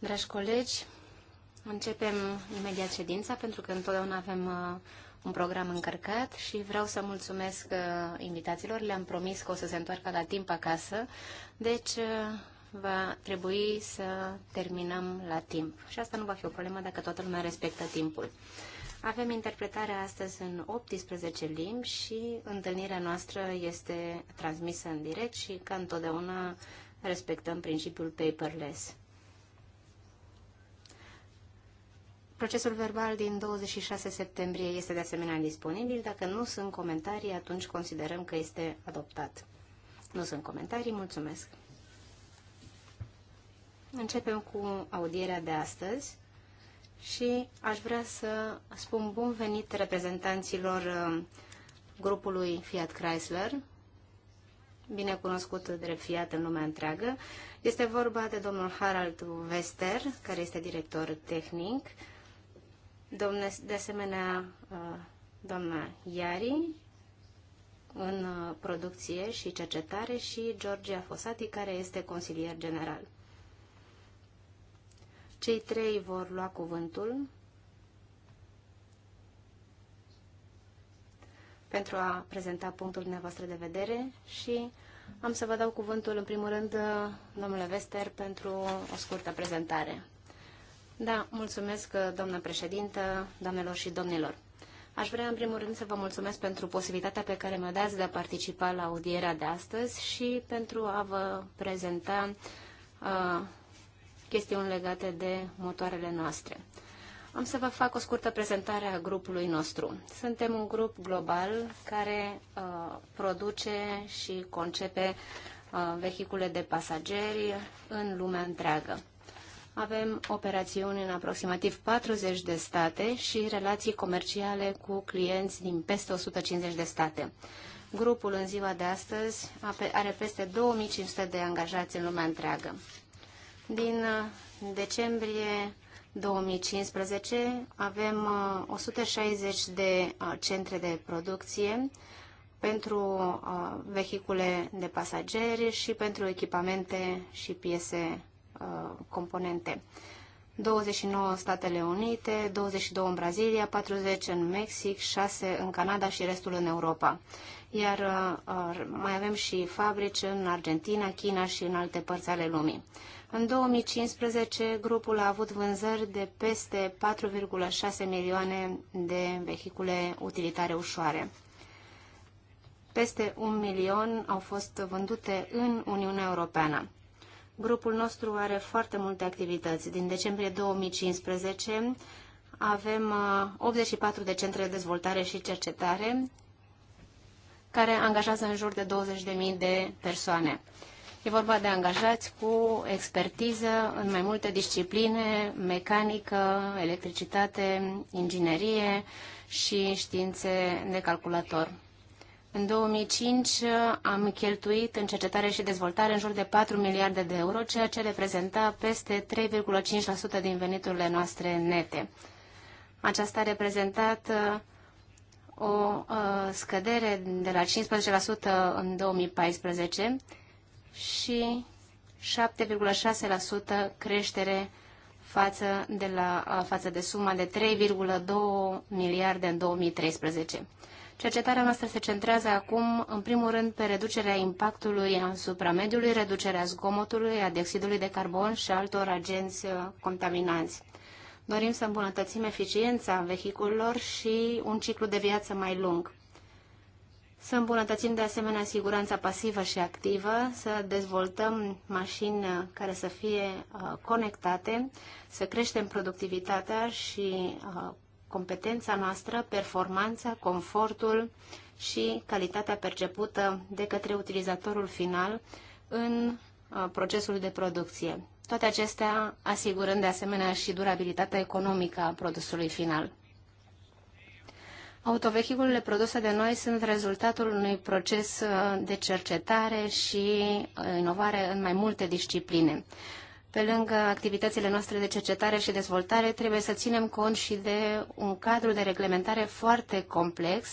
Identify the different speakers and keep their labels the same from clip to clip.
Speaker 1: Dragi colegi, începem imediat ședința pentru că întotdeauna avem uh, un program încărcat și vreau să mulțumesc invitaților. Uh, invitațiilor. Le-am promis că o să se întoarcă la timp acasă, deci uh, va trebui să terminăm la timp. Și asta nu va fi o problemă dacă toată lumea respectă timpul. Avem interpretarea astăzi în 18 limbi și întâlnirea noastră este transmisă în direct și, ca întotdeauna, respectăm principiul paperless. Procesul verbal din 26 septembrie este de asemenea disponibil. Dacă nu sunt comentarii, atunci considerăm că este adoptat. Nu sunt comentarii, mulțumesc. Începem cu audierea de astăzi și aș vrea să spun bun venit reprezentanților uh, grupului Fiat Chrysler, binecunoscut drept fiat în lumea întreagă. Este vorba de domnul Harald Wester, care este director tehnic, domne, de asemenea uh, doamna Iari în uh, producție și cercetare și Georgia Fosati, care este consilier general. Cei trei vor lua cuvântul pentru a prezenta punctul dumneavoastră de vedere și am să vă dau cuvântul, în primul rând, domnule Vester, pentru o scurtă prezentare. Da, mulțumesc, doamnă președintă, doamnelor și domnilor. Aș vrea, în primul rând, să vă mulțumesc pentru posibilitatea pe care mi-o dați de a participa la audierea de astăzi și pentru a vă prezenta uh, chestiuni legate de motoarele noastre. Uh, am să vă fac o scurtă prezentare a grupului nostru. Suntem un grup global care uh, produce și concepe uh, vehicule de pasageri în lumea întreagă. Avem operațiuni în aproximativ 40 de state și relații comerciale cu clienți din peste 150 de state. Grupul în ziua de astăzi are peste 2500 de angajați în lumea întreagă. Din uh, decembrie 2015 avem 160 uh, de uh, centre de producție pentru uh, vehicule de pasageri și pentru echipamente și piese componente. 29 în Statele Unite, 22 în Brazilia, 40 în Mexic, 6 în Canada și restul în Europa iar uh, mai avem și fabrici în Argentina, China și în alte părți ale lumii. În 2015, grupul a avut vânzări de peste 4,6 milioane de vehicule utilitare ușoare. Peste un milion au fost vândute în Uniunea Europeană. Grupul nostru are foarte multe activități. Din decembrie 2015 avem 84 uh, de centre de dezvoltare și cercetare care angajează în jur de 20.000 de persoane. E vorba de angajați cu expertiză în mai multe discipline, mecanică, electricitate, inginerie și științe de calculator. În 2005 am cheltuit în cercetare și dezvoltare în jur de 4 miliarde de euro, ceea ce reprezenta peste 3,5% din veniturile noastre nete. Aceasta a reprezentat o scădere de la 15% în 2014 și 7,6% creștere față de, la, față de suma de 3,2 miliarde în 2013. Cercetarea noastră se centrează acum, în primul rând, pe reducerea impactului asupra mediului, reducerea zgomotului, a dioxidului de carbon și altor agenți contaminanți. Dorim să îmbunătățim eficiența vehiculelor și un ciclu de viață mai lung. Să îmbunătățim de asemenea siguranța pasivă și activă, să dezvoltăm mașini care să fie uh, conectate, să creștem productivitatea și uh, competența noastră, performanța, confortul și calitatea percepută de către utilizatorul final în uh, procesul de producție toate acestea asigurând de asemenea și durabilitatea economică a produsului final. Autovehiculele produse de noi sunt rezultatul unui proces uh, de cercetare și uh, inovare în mai multe discipline. Pe lângă activitățile noastre de cercetare și dezvoltare, trebuie să ținem cont și de un cadru de reglementare foarte complex,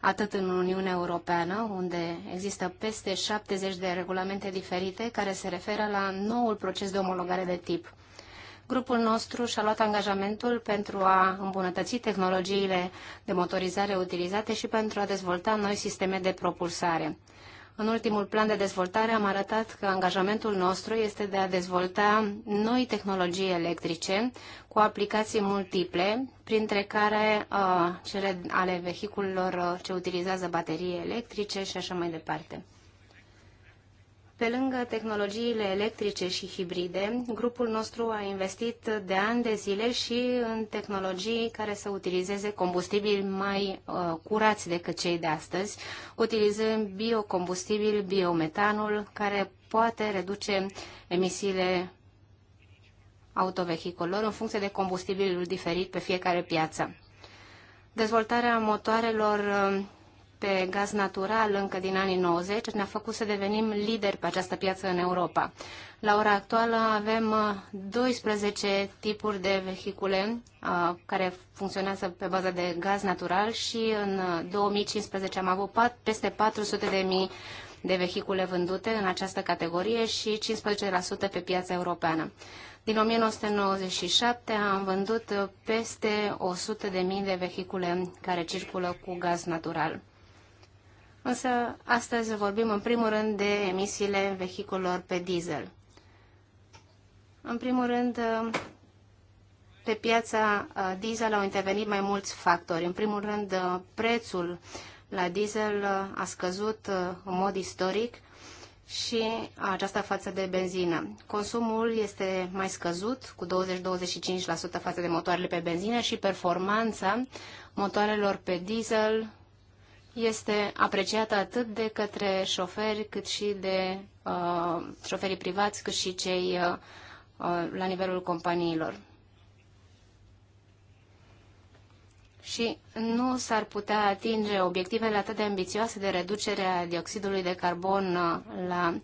Speaker 1: atât în Uniunea Europeană, unde există peste 70 de regulamente diferite care se referă la noul proces de omologare de tip. Grupul nostru și-a luat angajamentul pentru a îmbunătăți tehnologiile de motorizare utilizate și pentru a dezvolta noi sisteme de propulsare. În ultimul plan de dezvoltare am arătat că angajamentul nostru este de a dezvolta noi tehnologii electrice cu aplicații multiple, printre care uh, cele ale vehiculelor uh, ce utilizează baterii electrice și așa mai departe. Pe lângă tehnologiile electrice și hibride, grupul nostru a investit de ani de zile și în tehnologii care să utilizeze combustibili mai uh, curați decât cei de astăzi, utilizând biocombustibil, biometanul, care poate reduce emisiile autovehiculor în funcție de combustibilul diferit pe fiecare piață. Dezvoltarea motoarelor uh, pe gaz natural încă din anii 90 ne-a făcut să devenim lideri pe această piață în Europa. La ora actuală avem 12 uh, tipuri de vehicule uh, care funcționează pe bază de gaz natural și în 2015 uh, am avut peste 400 de mii de vehicule vândute în această categorie și 15% pe piața europeană. Din 1997 am vândut peste 100.000 de vehicule care circulă cu gaz natural. Însă astăzi vorbim în primul rând de emisiile vehiculelor pe diesel. În primul rând, pe piața uh, diesel au intervenit mai mulți factori. În primul rând, uh, prețul la diesel uh, a scăzut în mod istoric și aceasta față de benzină. Consumul este mai scăzut cu 20-25% față de motoarele pe benzină și performanța motoarelor pe diesel este apreciată atât de către șoferi, cât și de uh, șoferii privați, cât și cei uh, uh, la nivelul companiilor. Și nu s-ar putea atinge obiectivele atât de ambițioase de reducere a dioxidului de carbon uh, la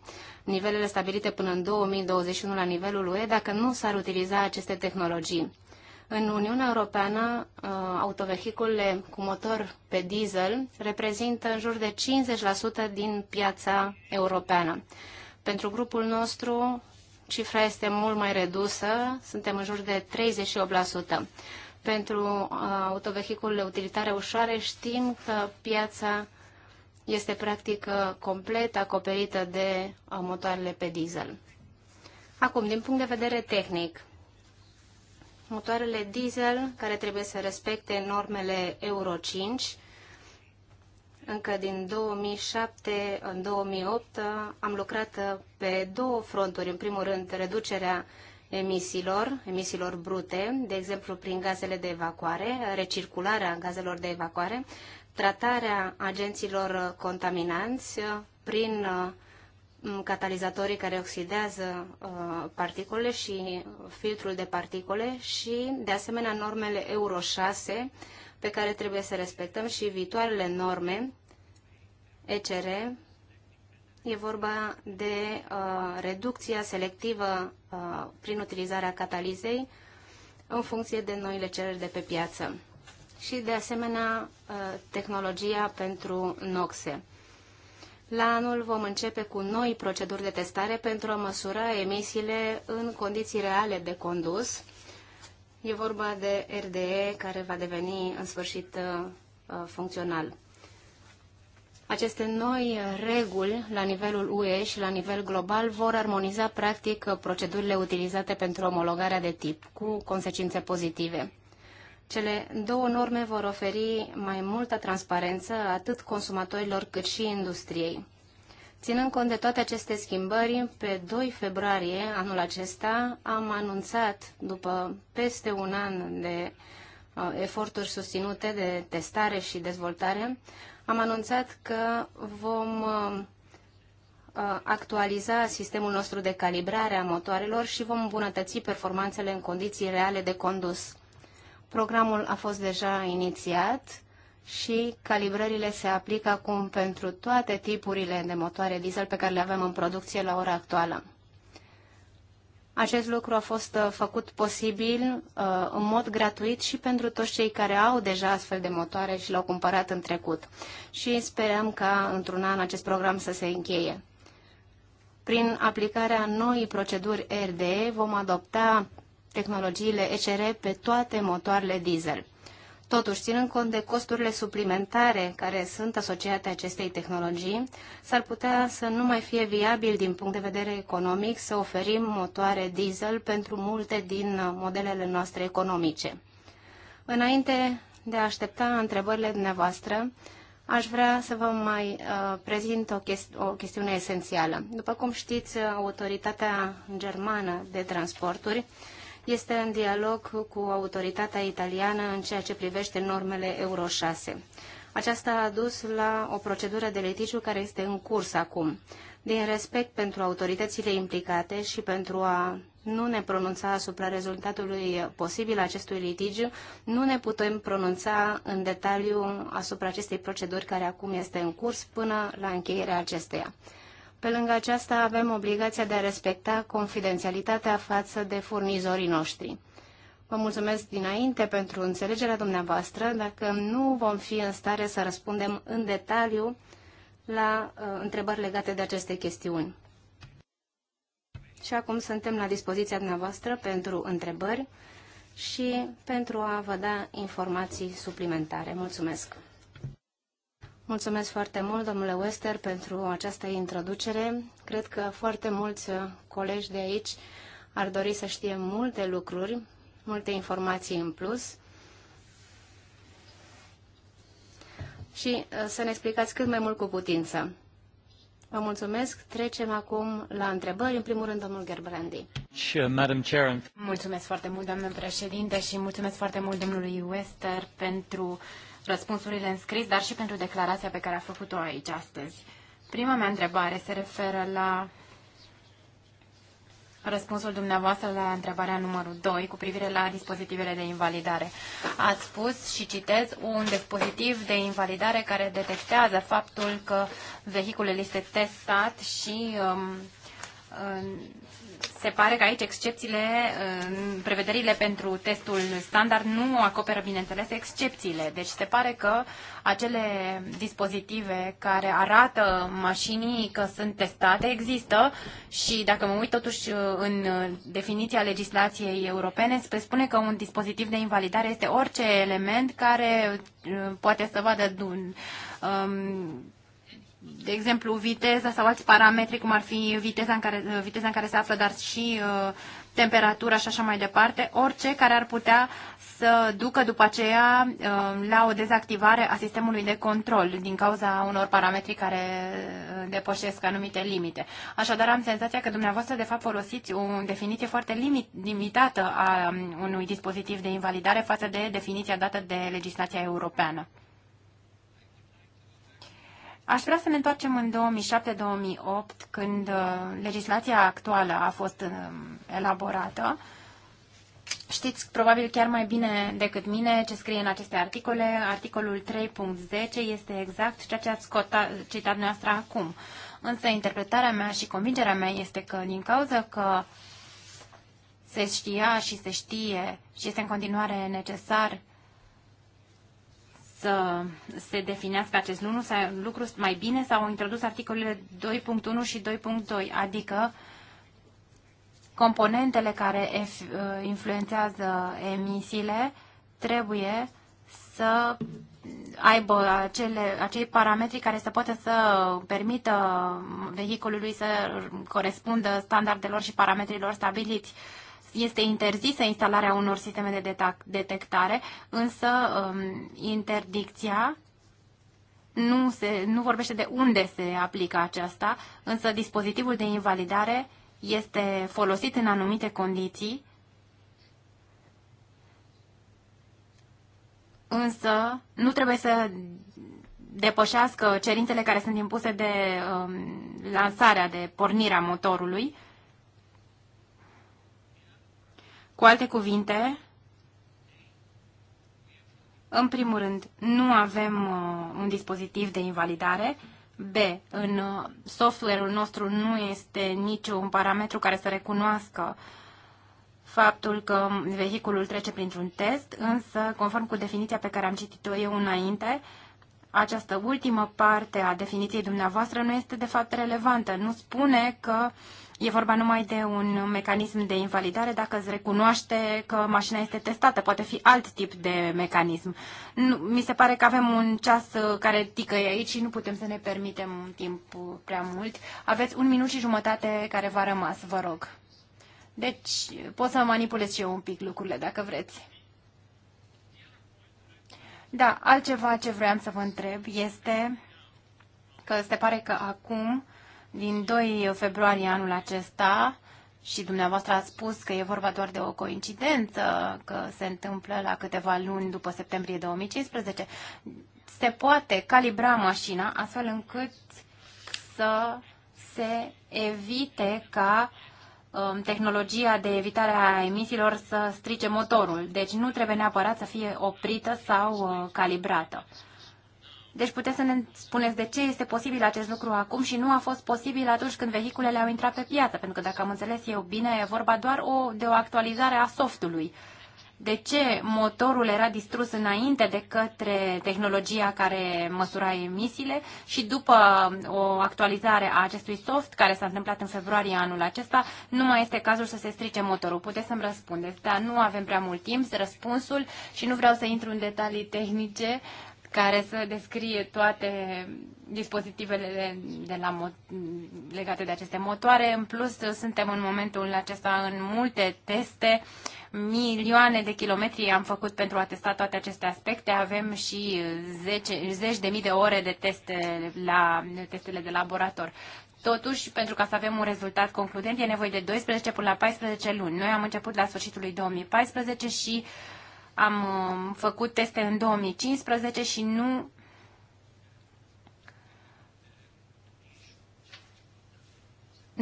Speaker 1: nivelele stabilite până în 2021 la nivelul UE dacă nu s-ar utiliza aceste tehnologii. În Uniunea Europeană, uh, autovehiculele cu motor pe diesel reprezintă în jur de 50% din piața europeană. Pentru grupul nostru, cifra este mult mai redusă, suntem în jur de 38%. Pentru uh, autovehiculele utilitare ușoare știm că piața este practic uh, complet acoperită de motoarele pe diesel. Acum, din punct de vedere tehnic, motoarele diesel care trebuie să respecte normele Euro 5. Încă din 2007 în 2008 am lucrat pe două fronturi. În primul rând, reducerea emisiilor, emisiilor brute, de exemplu prin gazele de evacuare, recircularea gazelor de evacuare, tratarea agenților contaminanți prin uh, Mm, catalizatorii care oxidează uh, particule și filtrul de particule și, de asemenea, normele Euro 6 pe care trebuie să respectăm și viitoarele norme ECR. E vorba de uh, reducția selectivă uh, prin utilizarea catalizei în funcție de noile cereri de pe piață și, de asemenea, uh, tehnologia pentru noxe. La anul vom începe cu noi proceduri de testare pentru a măsura emisiile în condiții reale de condus. E vorba de RDE care va deveni în sfârșit uh, uh, funcțional. Aceste noi reguli la nivelul UE și la nivel global vor armoniza practic procedurile utilizate pentru omologarea de tip, cu consecințe pozitive. Cele două norme vor oferi mai multă transparență atât consumatorilor cât și industriei. Ținând cont de toate aceste schimbări, pe 2 februarie anul acesta am anunțat, după peste un an de uh, eforturi susținute de testare și dezvoltare, am anunțat că vom uh, uh actualiza sistemul nostru de calibrare a motoarelor și vom îmbunătăți performanțele în condiții reale de condus. Programul a fost deja inițiat și calibrările se aplică acum pentru toate tipurile de motoare diesel pe care le avem în producție la ora actuală. Acest lucru a fost uh, făcut posibil uh, în mod gratuit și pentru toți cei care au deja astfel de motoare și l-au cumpărat în trecut. Și sperăm ca într-un an acest program să se încheie. Prin aplicarea noii proceduri RDE vom adopta tehnologiile ECR pe toate motoarele diesel. Totuși, ținând cont de costurile suplimentare care sunt asociate acestei tehnologii, s-ar putea să nu mai fie viabil din punct de vedere economic să oferim motoare diesel pentru multe din modelele noastre economice. Înainte de a aștepta întrebările dumneavoastră, aș vrea să vă mai uh, prezint o, chesti- o chestiune esențială. După cum știți, autoritatea germană de transporturi uh, este în dialog cu autoritatea italiană în ceea ce privește normele Euro 6. Aceasta a dus la o procedură de litigiu care este în curs acum. Din respect pentru autoritățile implicate și pentru a nu ne pronunța asupra rezultatului posibil acestui litigiu, nu ne putem pronunța în detaliu asupra acestei proceduri care acum este în curs până la încheierea acesteia. Pe lângă aceasta avem obligația de a respecta confidențialitatea față de furnizorii noștri. Vă mulțumesc dinainte pentru înțelegerea dumneavoastră. Dacă nu vom fi în stare să răspundem în detaliu la uh, întrebări legate de aceste chestiuni. Și acum suntem la dispoziția dumneavoastră pentru întrebări și pentru a vă da informații suplimentare. Mulțumesc! Mulțumesc foarte mult, domnule Wester, pentru această introducere. Cred că foarte mulți colegi de aici ar dori să știe multe lucruri, multe informații în plus. Și uh, să ne explicați cât mai mult cu putință. Vă mulțumesc. Trecem acum la întrebări. În primul rând, domnul Gerbrandi. Mulțumesc foarte mult, doamnă președinte, și mulțumesc
Speaker 2: foarte mult domnului Wester pentru uh, răspunsurile în scris, dar și pentru declarația pe care a făcut-o aici astăzi. Prima mea întrebare se referă la răspunsul dumneavoastră la întrebarea numărul 2 cu privire la dispozitivele de invalidare. Ați spus și citez un dispozitiv de invalidare care detectează faptul că vehiculul este testat și um, um, se pare că aici excepțiile, prevederile pentru testul standard nu acoperă, bineînțeles, excepțiile. Deci se pare că acele dispozitive care arată mașinii că sunt testate există și dacă mă uit totuși uh, în definiția legislației europene, se spune că un dispozitiv de invalidare este orice element care uh, poate să vadă um, de exemplu, viteza sau alți parametri, cum ar fi viteza în care, viteza în care se află, dar și uh, temperatura și așa mai departe, orice care ar putea să ducă după aceea uh, la o dezactivare a sistemului de control din cauza unor parametri care uh, depășesc anumite limite. Așadar, am senzația că dumneavoastră, de fapt, folosiți o definiție foarte limit, limitată a um, unui dispozitiv de invalidare față de definiția dată de legislația europeană. Aș vrea să ne întoarcem în 2007-2008, când uh, legislația actuală a fost um, elaborată. Știți probabil chiar mai bine decât mine ce scrie în aceste articole. Articolul 3.10 este exact ceea ce ați citat noastră acum. Însă interpretarea mea și convingerea mea este că din cauza că se știa și se știe și este în continuare necesar să se definească acest lucru, să-l lucru mai bine, sau au introdus articolele 2.1 și 2.2, adică componentele care uh, influențează emisiile trebuie să aibă acele, acei parametri care să poată să permită vehiculului să corespundă standardelor și parametrilor stabiliți. Uh, este interzisă instalarea unor sisteme de detectare, însă um, interdicția nu, se, nu vorbește de unde se aplică aceasta, însă dispozitivul de invalidare este folosit în anumite condiții, însă nu trebuie să depășească cerințele care sunt impuse de um, lansarea, de pornirea motorului, Cu alte cuvinte, în primul rând, nu avem uh, un dispozitiv de invalidare. B. În uh, software-ul nostru nu este niciun parametru care să recunoască faptul că vehiculul trece printr-un test, însă, conform cu definiția pe care am citit-o eu înainte, uh, această ultimă parte a definiției dumneavoastră nu este de fapt relevantă. Nu spune că e vorba numai de un mecanism de invalidare dacă îți recunoaște că mașina este testată. Poate fi alt tip de mecanism. Nu, mi se pare că avem un ceas uh, care ticăie aici și nu putem să ne permitem un timp uh, prea mult. Aveți un minut și jumătate care v-a rămas, vă rog. Deci pot să manipulez și eu un pic lucrurile dacă vreți. Da, altceva ce vreau să vă întreb este că se pare că acum, din 2 februarie anul acesta, și dumneavoastră ați spus că e vorba doar de o coincidență, că se întâmplă la câteva luni după septembrie 2015, se poate calibra mașina astfel încât să se evite ca Um, tehnologia de evitare a emisiilor să strice motorul. Deci nu trebuie neapărat să fie oprită sau uh, calibrată. Deci puteți să ne spuneți de ce este posibil acest lucru acum și nu a fost posibil atunci când vehiculele au intrat pe piață, pentru că dacă am înțeles eu bine, e vorba doar o, de o actualizare a softului de ce motorul era distrus înainte de către tehnologia care măsura emisiile și după um, o actualizare a acestui soft care s-a întâmplat în februarie anul acesta, nu mai este cazul să se strice motorul. Puteți să-mi răspundeți, dar nu avem prea mult timp, răspunsul și nu vreau să intru în detalii tehnice care să descrie toate dispozitivele de la legate de aceste motoare. În plus, suntem în momentul acesta în multe teste uh, milioane de kilometri am făcut pentru a testa toate aceste aspecte. Avem și zece, zeci de mii de ore de teste la testele de laborator. Totuși, pentru ca să avem un rezultat concludent, e nevoie de 12 până la 14 luni. Noi am început la sfârșitul lui 2014 și am um, făcut teste în 2015 și nu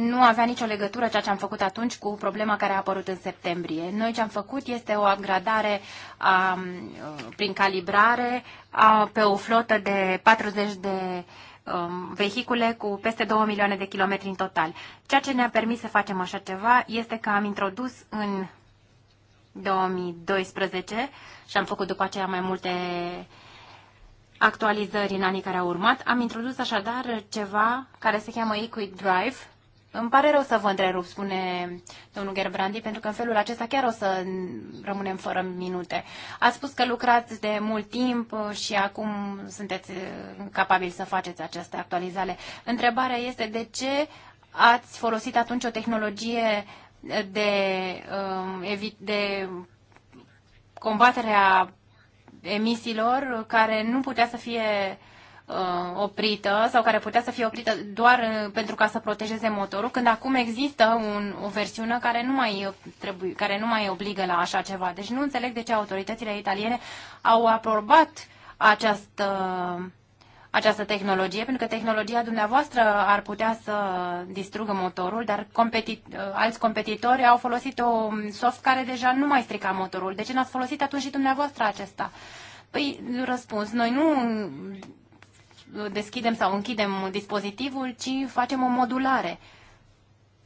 Speaker 2: nu avea nicio legătură ceea ce am făcut atunci cu problema care a apărut în septembrie. Noi ce am făcut este o upgradare a, prin calibrare a, pe o flotă de 40 de um, vehicule cu peste 2 milioane de kilometri în total. Ceea ce ne-a permis să facem așa ceva este că am introdus în 2012 și am făcut după aceea mai multe actualizări în anii care au urmat, am introdus așadar ceva care se cheamă Equid Drive, îmi pare rău să vă întrerup, spune domnul Gerbrandi, pentru că în felul acesta chiar o să rămânem fără minute. Ați spus că lucrați de mult timp și acum sunteți uh, capabili să faceți aceste actualizare. Întrebarea este de ce ați folosit atunci o tehnologie de, uh, de combaterea emisiilor care nu putea să fie uh, oprită sau care putea să fie oprită doar uh, pentru ca să protejeze motorul, când acum există un, o versiune care nu, mai trebuie, care nu mai obligă la așa ceva. Deci nu înțeleg de ce autoritățile italiene au aprobat această această tehnologie, pentru că tehnologia dumneavoastră ar putea să distrugă motorul, dar competi- uh, alți competitori au folosit o soft care deja nu mai strica motorul. De ce n-ați folosit atunci și dumneavoastră acesta? Păi, răspuns, noi nu deschidem sau închidem dispozitivul, ci facem o modulare,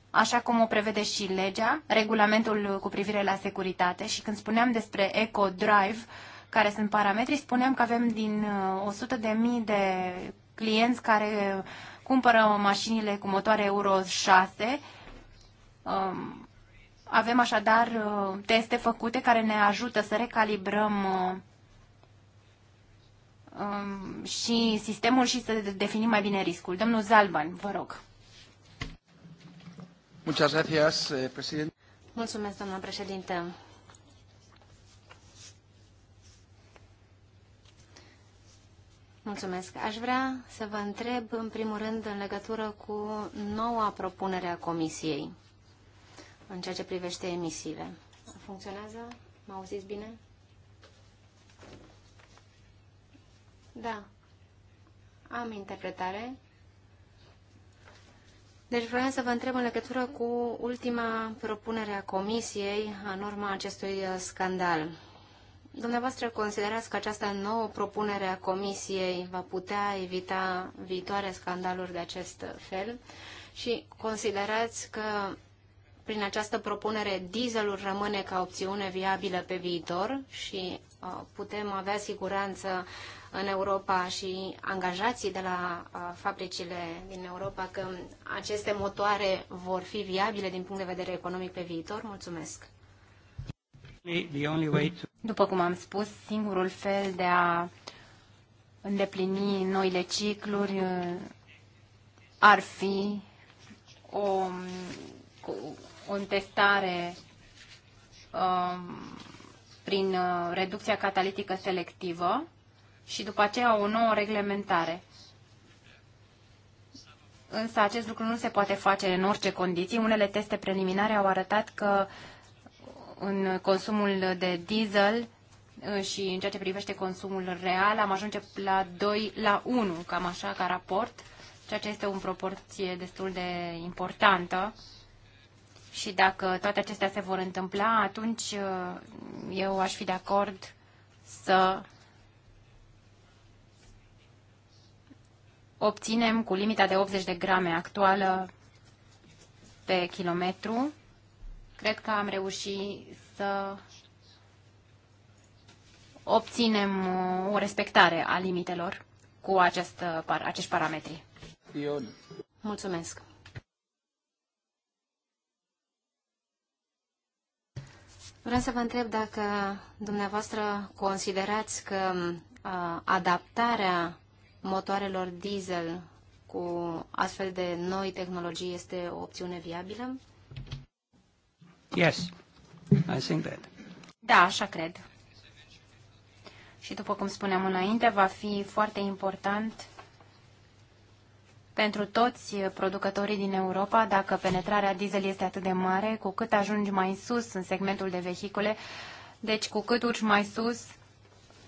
Speaker 2: așa cum o prevede și legea, regulamentul cu privire la securitate. Și când spuneam despre Eco Drive, care sunt parametri, spuneam că avem din 100.000 uh, de, de clienți care cumpără mașinile cu motoare Euro 6. Um, avem așadar uh, teste făcute care ne ajută să recalibrăm uh, um, și sistemul și să definim mai bine riscul. Domnul Zalban, vă rog.
Speaker 3: Muchas gracias, eh, president.
Speaker 1: Mulțumesc, domnul președinte. Mulțumesc. Aș vrea să vă întreb, în primul rând, în legătură cu noua propunere a Comisiei în ceea ce privește emisiile. Funcționează? Mă auziți bine? Da. Am interpretare. Deci vreau să vă întreb în legătură cu ultima propunere a Comisiei în urma acestui uh, scandal. Dumneavoastră considerați că această nouă propunere a Comisiei va putea evita viitoare scandaluri de acest fel și considerați că prin această propunere dieselul rămâne ca opțiune viabilă pe viitor și uh, putem avea siguranță în Europa și angajații de la uh, fabricile din Europa că aceste motoare vor fi viabile din punct de vedere economic pe viitor? Mulțumesc!
Speaker 2: După cum am spus, singurul fel de a îndeplini noile cicluri uh, ar fi o, o testare um, prin uh, reducția catalitică selectivă și după aceea o nouă reglementare. Însă acest lucru nu se poate face în orice condiții. Unele teste preliminare au arătat că în consumul de diesel uh, și în ceea ce privește consumul real am ajunge la 2 la 1, cam așa ca raport, ceea ce este o proporție destul de importantă. Și dacă toate acestea se vor întâmpla, atunci uh, eu aș fi de acord să obținem cu limita de 80 de grame actuală pe kilometru. Cred că am reușit să obținem uh, o respectare a limitelor cu acest, uh, acești parametri. Ion.
Speaker 1: Mulțumesc. Vreau să vă întreb dacă dumneavoastră considerați că uh, adaptarea motoarelor diesel cu astfel de noi tehnologii este o opțiune viabilă?
Speaker 3: Yes, I think that.
Speaker 1: Da, așa cred.
Speaker 2: Și după cum spuneam înainte, va fi foarte important pentru toți producătorii din Europa, dacă penetrarea diesel este atât de mare, cu cât ajungi mai sus în segmentul de vehicule, deci cu cât urci mai sus,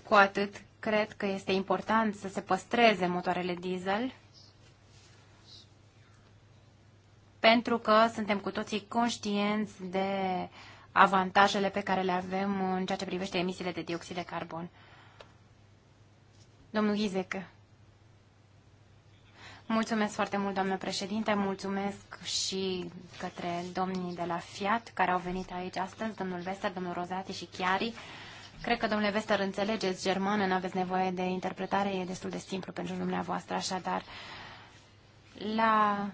Speaker 2: cu atât cred că este important să se păstreze motoarele diesel pentru că suntem cu toții conștienți de avantajele pe care le avem în ceea ce privește emisiile de dioxid de carbon. Domnul Ghizec. Mulțumesc foarte mult, doamnă președinte, mulțumesc și către domnii de la Fiat care au venit aici astăzi, domnul Vester, domnul Rozati și Chiari. Cred că, domnule Vester, înțelegeți germană, nu aveți nevoie de interpretare, e destul de simplu pentru dumneavoastră, așadar. La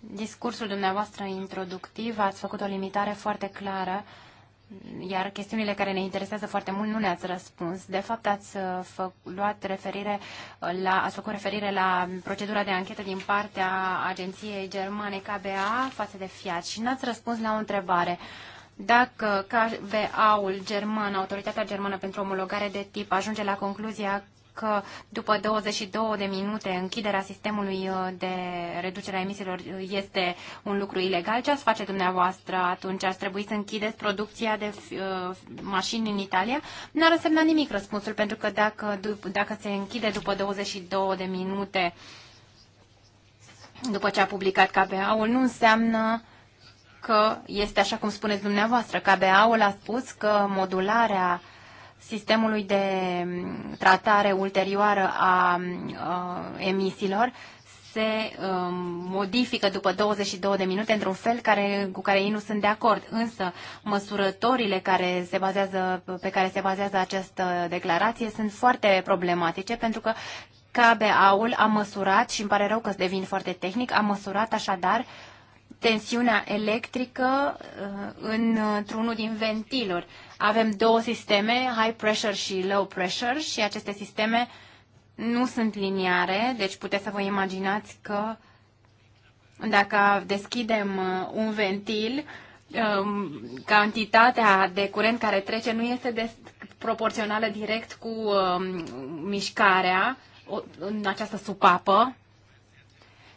Speaker 2: discursul dumneavoastră introductiv ați făcut o limitare foarte clară, iar chestiunile care ne interesează foarte mult nu ne ați răspuns. De fapt, ați, uh, fă, luat referire uh, la, ați făcut referire la procedura de anchetă din partea agenției germane KBA față de Fiat și n-ați răspuns la o întrebare. Uh, dacă KVA-ul german, Autoritatea Germană pentru Omologare de Tip, ajunge la concluzia că după 22 de minute închiderea sistemului uh, de reducere a emisiilor uh, este un lucru ilegal, ce ați face dumneavoastră atunci? Ați trebui să închideți producția de uh, mașini în Italia? N-ar însemna nimic răspunsul, pentru că dacă, dacă se închide după 22 de minute după ce a publicat kva ul nu înseamnă uh, că este așa cum spuneți dumneavoastră. KBA-ul a spus că modularea sistemului de tratare ulterioară a, a emisiilor se um, modifică după 22 de minute într-un fel care, cu care ei nu sunt de acord. Însă măsurătorile care se bazează, pe care se bazează această declarație sunt foarte problematice pentru că KBA-ul a măsurat, și îmi pare rău că devin foarte tehnic, a măsurat așadar uh, tensiunea electrică uh, într-unul din ventiluri. Avem două sisteme, high pressure și low pressure, și aceste sisteme nu sunt liniare, deci puteți să vă imaginați că dacă deschidem uh, un ventil, um, cantitatea de curent care trece nu este des proporțională direct cu um, mișcarea în această supapă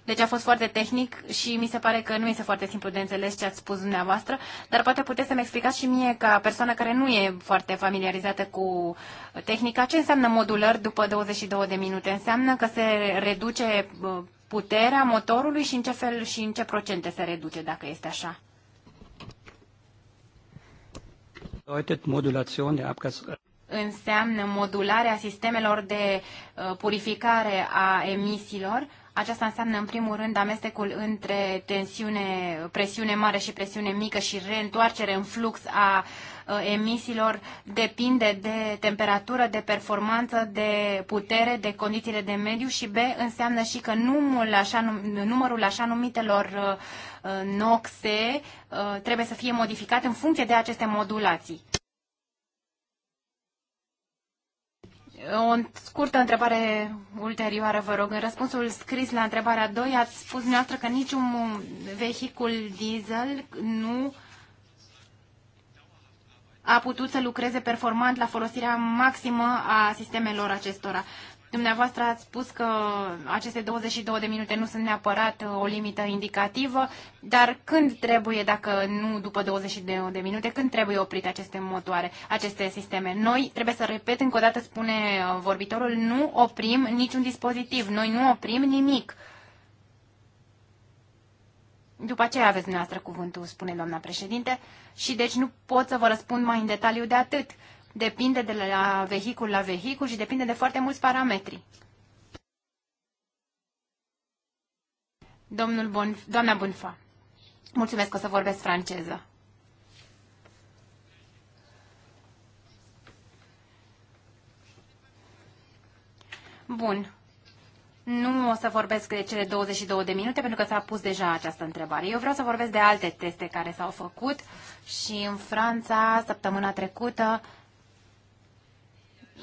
Speaker 2: deci a fost foarte tehnic și mi se pare că nu este foarte simplu de înțeles ce ați spus dumneavoastră, dar poate puteți să-mi explicați și mie, ca persoană care nu e foarte familiarizată cu tehnica, ce înseamnă modular după 22 de minute? Înseamnă că se reduce uh, puterea motorului și în ce fel și în ce procente se reduce, dacă este așa? Înseamnă modularea sistemelor de uh, purificare a emisiilor aceasta înseamnă, în primul rând, amestecul între tensiune, presiune mare și presiune mică și reîntoarcere în flux a ă, emisiilor depinde de temperatură, de performanță, de putere, de condițiile de mediu și B înseamnă și că numărul așa, numărul așa numitelor ă, ă, noxe trebuie să fie modificat în funcție de aceste modulații. O scurtă întrebare ulterioară, vă rog. În răspunsul scris la întrebarea 2 ați spus dumneavoastră că niciun vehicul diesel nu a putut să lucreze performant la folosirea maximă a sistemelor acestora. Dumneavoastră ați spus că aceste 22 de minute nu sunt neapărat uh, o limită indicativă, dar când trebuie, dacă nu după 22 de minute, când trebuie oprite aceste motoare, aceste sisteme? Noi, trebuie să repet încă o dată, spune uh, vorbitorul, nu oprim niciun dispozitiv, noi nu oprim nimic. După aceea aveți dumneavoastră cuvântul, spune doamna președinte, și deci nu pot să vă răspund mai în detaliu de atât depinde de la vehicul la vehicul și depinde de foarte mulți parametri. Domnul Bon, doamna Bunfa, mulțumesc că o să vorbesc franceză. Bun. Nu o să vorbesc de cele 22 de minute, pentru că s-a pus deja această întrebare. Eu vreau să vorbesc de alte teste care s-au făcut și în Franța, săptămâna trecută,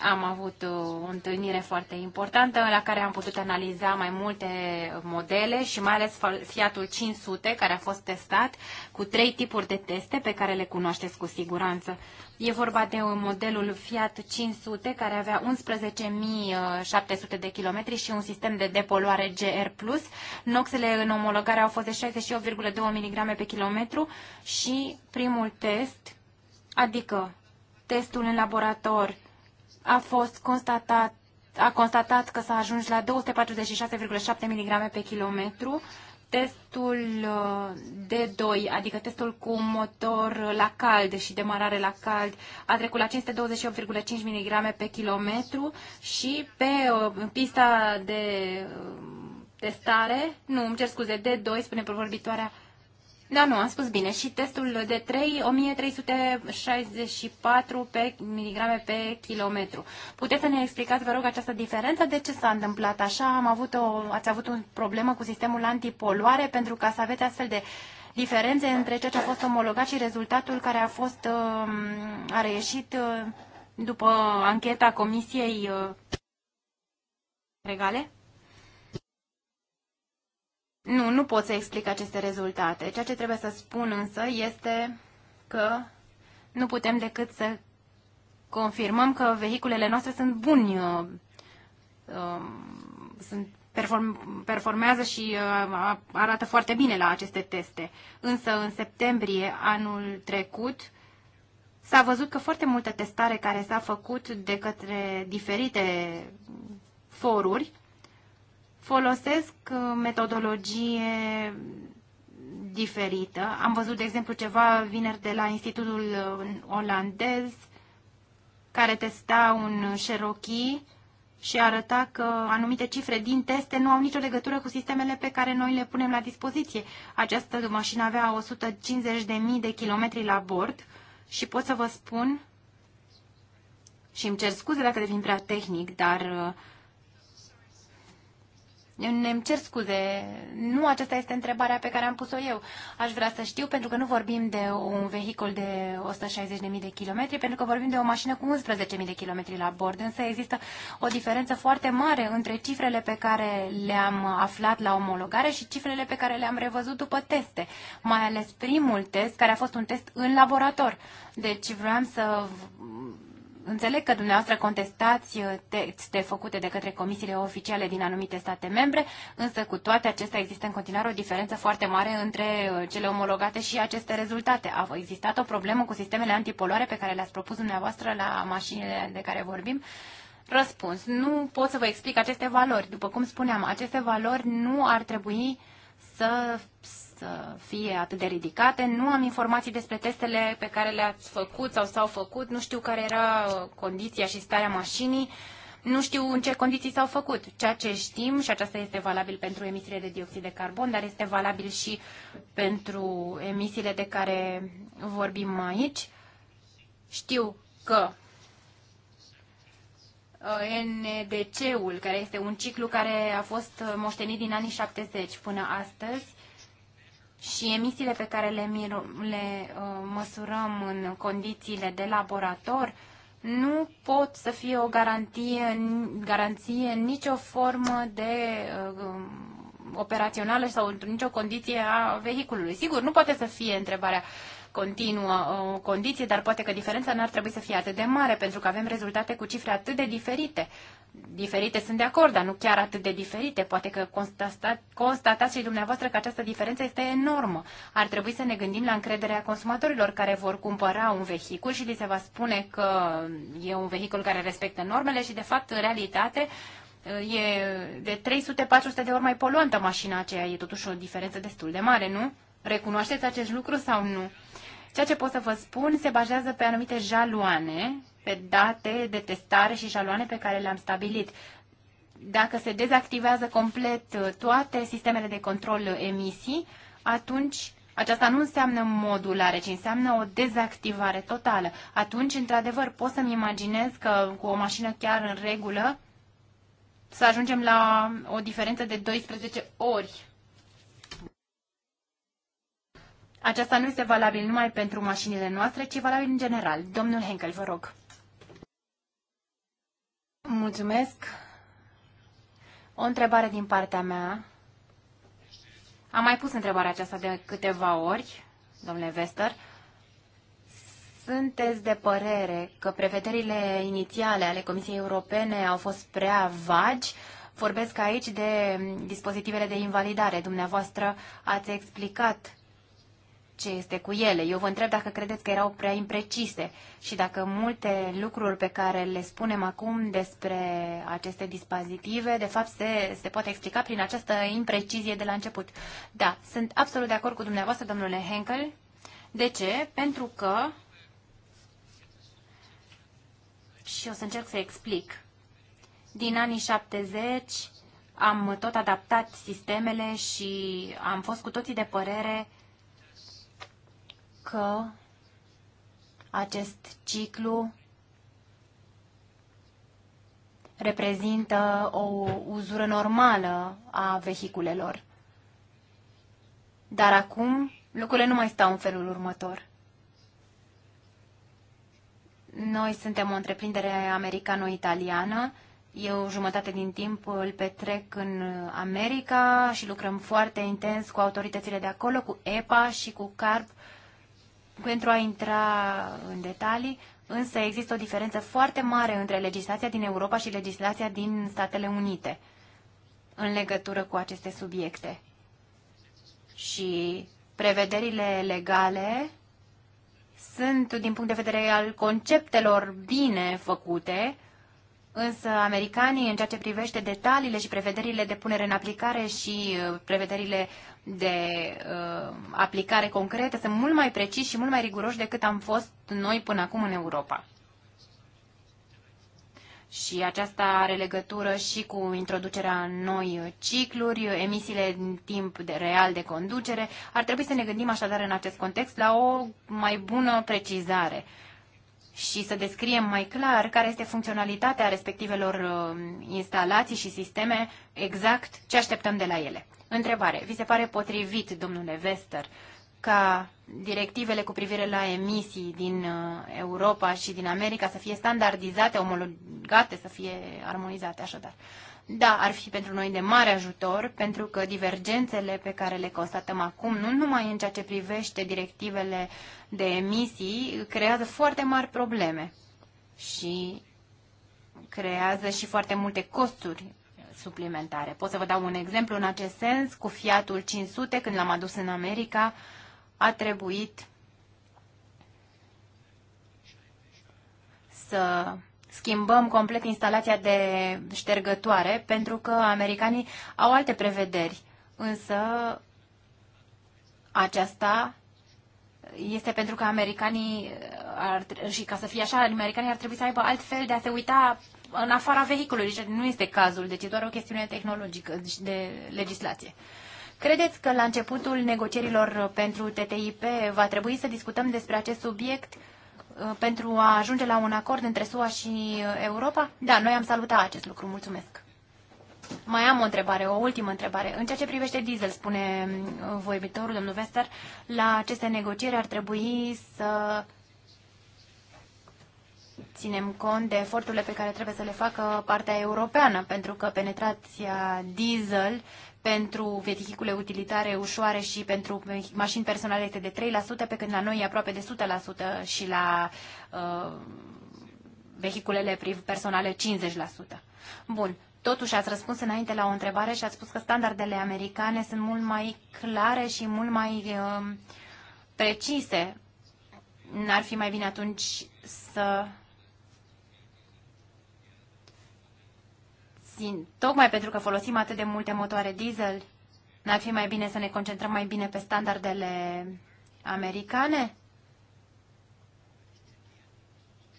Speaker 2: am avut uh, o întâlnire foarte importantă la care am putut analiza mai multe modele și mai ales Fiatul 500 care a fost testat cu trei tipuri de teste pe care le cunoașteți cu siguranță. E vorba de uh, modelul Fiat 500 care avea 11.700 de kilometri și un sistem de depoluare GR+. Noxele în omologare au fost de 68,2 mg pe kilometru și primul test, adică testul în laborator a fost constatat a constatat că s-a ajuns la 246,7 mg pe kilometru. Testul uh, D2, adică testul cu motor la cald și demarare la cald, a trecut la 528,5 mg pe kilometru și pe uh, pista de uh, testare, nu, îmi cer scuze, D2, spune provorbitoarea, da, nu, am spus bine. Și testul de 3, 1364 pe miligrame pe kilometru. Puteți să ne explicați, vă rog, această diferență? De ce s-a întâmplat așa? Am avut o, ați avut o problemă cu sistemul antipoluare pentru ca să aveți astfel de diferențe între ceea ce a fost omologat și rezultatul care a fost um, a reieșit uh, după ancheta Comisiei uh, Regale? Nu, nu pot să explic aceste rezultate. Ceea ce trebuie să spun însă este că nu putem decât să confirmăm că vehiculele noastre sunt buni, uh, uh, sunt perform, performează și uh, arată foarte bine la aceste teste. Însă în septembrie anul trecut s-a văzut că foarte multă testare care s-a făcut de către diferite foruri folosesc uh, metodologie diferită. Am văzut, de exemplu, ceva vineri de la Institutul uh, Olandez care testa un Cherokee și arăta că anumite cifre din teste nu au nicio legătură cu sistemele pe care noi le punem la dispoziție. Această mașină avea 150.000 de kilometri la bord și pot să vă spun și îmi cer scuze dacă devin prea tehnic, dar uh, ne-mi cer scuze, nu aceasta este întrebarea pe care am pus-o eu. Aș vrea să știu, pentru că nu vorbim de un vehicul de 160.000 de kilometri, pentru că vorbim de o mașină cu 11.000 de kilometri la bord, însă există o diferență foarte mare între cifrele pe care le-am aflat la omologare și cifrele pe care le-am revăzut după teste, mai ales primul test, care a fost un test în laborator. Deci vreau să Înțeleg că dumneavoastră contestați uh, texte făcute de către comisiile oficiale din anumite state membre, însă cu toate acestea există în continuare o diferență foarte mare între uh, cele omologate și aceste rezultate. A existat o problemă cu sistemele antipoloare pe care le-ați propus dumneavoastră la mașinile de care vorbim? Răspuns. Nu pot să vă explic aceste valori. După cum spuneam, aceste valori nu ar trebui să să fie atât de ridicate. Nu am informații despre testele pe care le-ați făcut sau s-au făcut. Nu știu care era uh, condiția și starea mașinii. Nu știu în ce condiții s-au făcut. Ceea ce știm, și aceasta este valabil pentru emisiile de dioxid de carbon, dar este valabil și pentru emisiile de care vorbim aici, știu că uh, NDC-ul, care este un ciclu care a fost uh, moștenit din anii 70 până astăzi, și emisiile pe care le, le uh, măsurăm în condițiile de laborator nu pot să fie o garantie, garanție nicio formă de uh, operațională sau într nicio condiție a vehiculului. Sigur, nu poate să fie întrebarea continuă o condiție, dar poate că diferența n-ar trebui să fie atât de mare, pentru că avem rezultate cu cifre atât de diferite. Diferite sunt de acord, dar nu chiar atât de diferite. Poate că constata, constatați și dumneavoastră că această diferență este enormă. Ar trebui să ne gândim la încrederea consumatorilor care vor cumpăra un vehicul și li se va spune că e un vehicul care respectă normele și, de fapt, în realitate, Uh, e de 300-400 de ori mai poluantă mașina aceea. E totuși o diferență destul de mare, nu? Recunoașteți acest lucru sau nu? Ceea ce pot să vă spun se bazează pe anumite jaloane, pe date de testare și jaloane pe care le-am stabilit. Dacă se dezactivează complet uh, toate sistemele de control uh, emisii, atunci aceasta nu înseamnă modulare, ci înseamnă o dezactivare totală. Atunci, într-adevăr, pot să-mi imaginez că cu o mașină chiar în regulă, să ajungem la o diferență de 12 ori. Aceasta nu este valabil numai pentru mașinile noastre, ci valabil în general. Domnul Henkel, vă rog. Mulțumesc. O întrebare din partea mea. Am mai pus întrebarea aceasta de câteva ori, domnule Vester sunteți de părere că prevederile inițiale ale Comisiei Europene au fost prea vagi? Vorbesc aici de dispozitivele de invalidare. Dumneavoastră ați explicat ce este cu ele. Eu vă întreb dacă credeți că erau prea imprecise și dacă multe lucruri pe care le spunem acum despre aceste dispozitive, de fapt, se, se poate explica prin această imprecizie de la început. Da, sunt absolut de acord cu dumneavoastră, domnule Henkel. De ce? Pentru că și o să încerc să explic. Din anii 70 am tot adaptat sistemele și am fost cu toții de părere că acest ciclu reprezintă o uzură normală a vehiculelor. Dar acum lucrurile nu mai stau în felul următor. Noi suntem o întreprindere americano-italiană. Eu jumătate din timp îl petrec în America și lucrăm foarte intens cu autoritățile de acolo, cu EPA și cu CARP, pentru a intra în detalii. Însă există o diferență foarte mare între legislația din Europa și legislația din Statele Unite în legătură cu aceste subiecte. Și prevederile legale sunt, din punct de vedere al conceptelor, bine făcute, însă americanii, în ceea ce privește detaliile și prevederile de punere în aplicare și uh, prevederile de uh, aplicare concrete, sunt mult mai preciși și mult mai riguroși decât am fost noi până acum în Europa și aceasta are legătură și cu introducerea în noi cicluri, emisiile în timp de real de conducere. Ar trebui să ne gândim așadar în acest context la o mai bună precizare și să descriem mai clar care este funcționalitatea respectivelor uh, instalații și sisteme, exact ce așteptăm de la ele. Întrebare. Vi se pare potrivit, domnule Vester, ca directivele cu privire la emisii din uh, Europa și din America să fie standardizate, omologate, să fie armonizate așadar. Da, ar fi pentru noi de mare ajutor, pentru că divergențele pe care le constatăm acum, nu numai în ceea ce privește directivele de emisii, creează foarte mari probleme și creează și foarte multe costuri suplimentare. Pot să vă dau un exemplu în acest sens cu Fiatul 500, când l-am adus în America, uh, a trebuit să schimbăm complet instalația de ștergătoare pentru că americanii au alte prevederi, însă aceasta este pentru că americanii ar, și ca să fie așa, americanii ar trebui să aibă alt fel de a se uita în afara vehiculului. Deci nu este cazul, deci e doar o chestiune tehnologică, deci, de legislație. Credeți că la începutul negocierilor pentru TTIP va trebui să discutăm despre acest subiect uh, pentru a ajunge la un acord între SUA și uh, Europa? Da, noi am salutat acest lucru. Mulțumesc. Mai am o întrebare, o ultimă întrebare. În ceea ce privește diesel, spune uh, voibitorul, domnul Vester, la aceste negocieri ar trebui să ținem cont de eforturile pe care trebuie să le facă partea europeană, pentru că penetrația diesel uh, pentru vehicule utilitare ușoare și pentru mașini personale este de 3%, pe când la noi e aproape de 100% și la uh, vehiculele personale 50%. Bun, Totuși ați răspuns înainte la o întrebare și ați spus că standardele americane sunt mult mai clare și mult mai uh, precise. N-ar fi mai bine atunci să folosim, tocmai pentru că folosim atât de multe motoare diesel, n-ar fi mai bine să ne concentrăm mai bine pe standardele americane?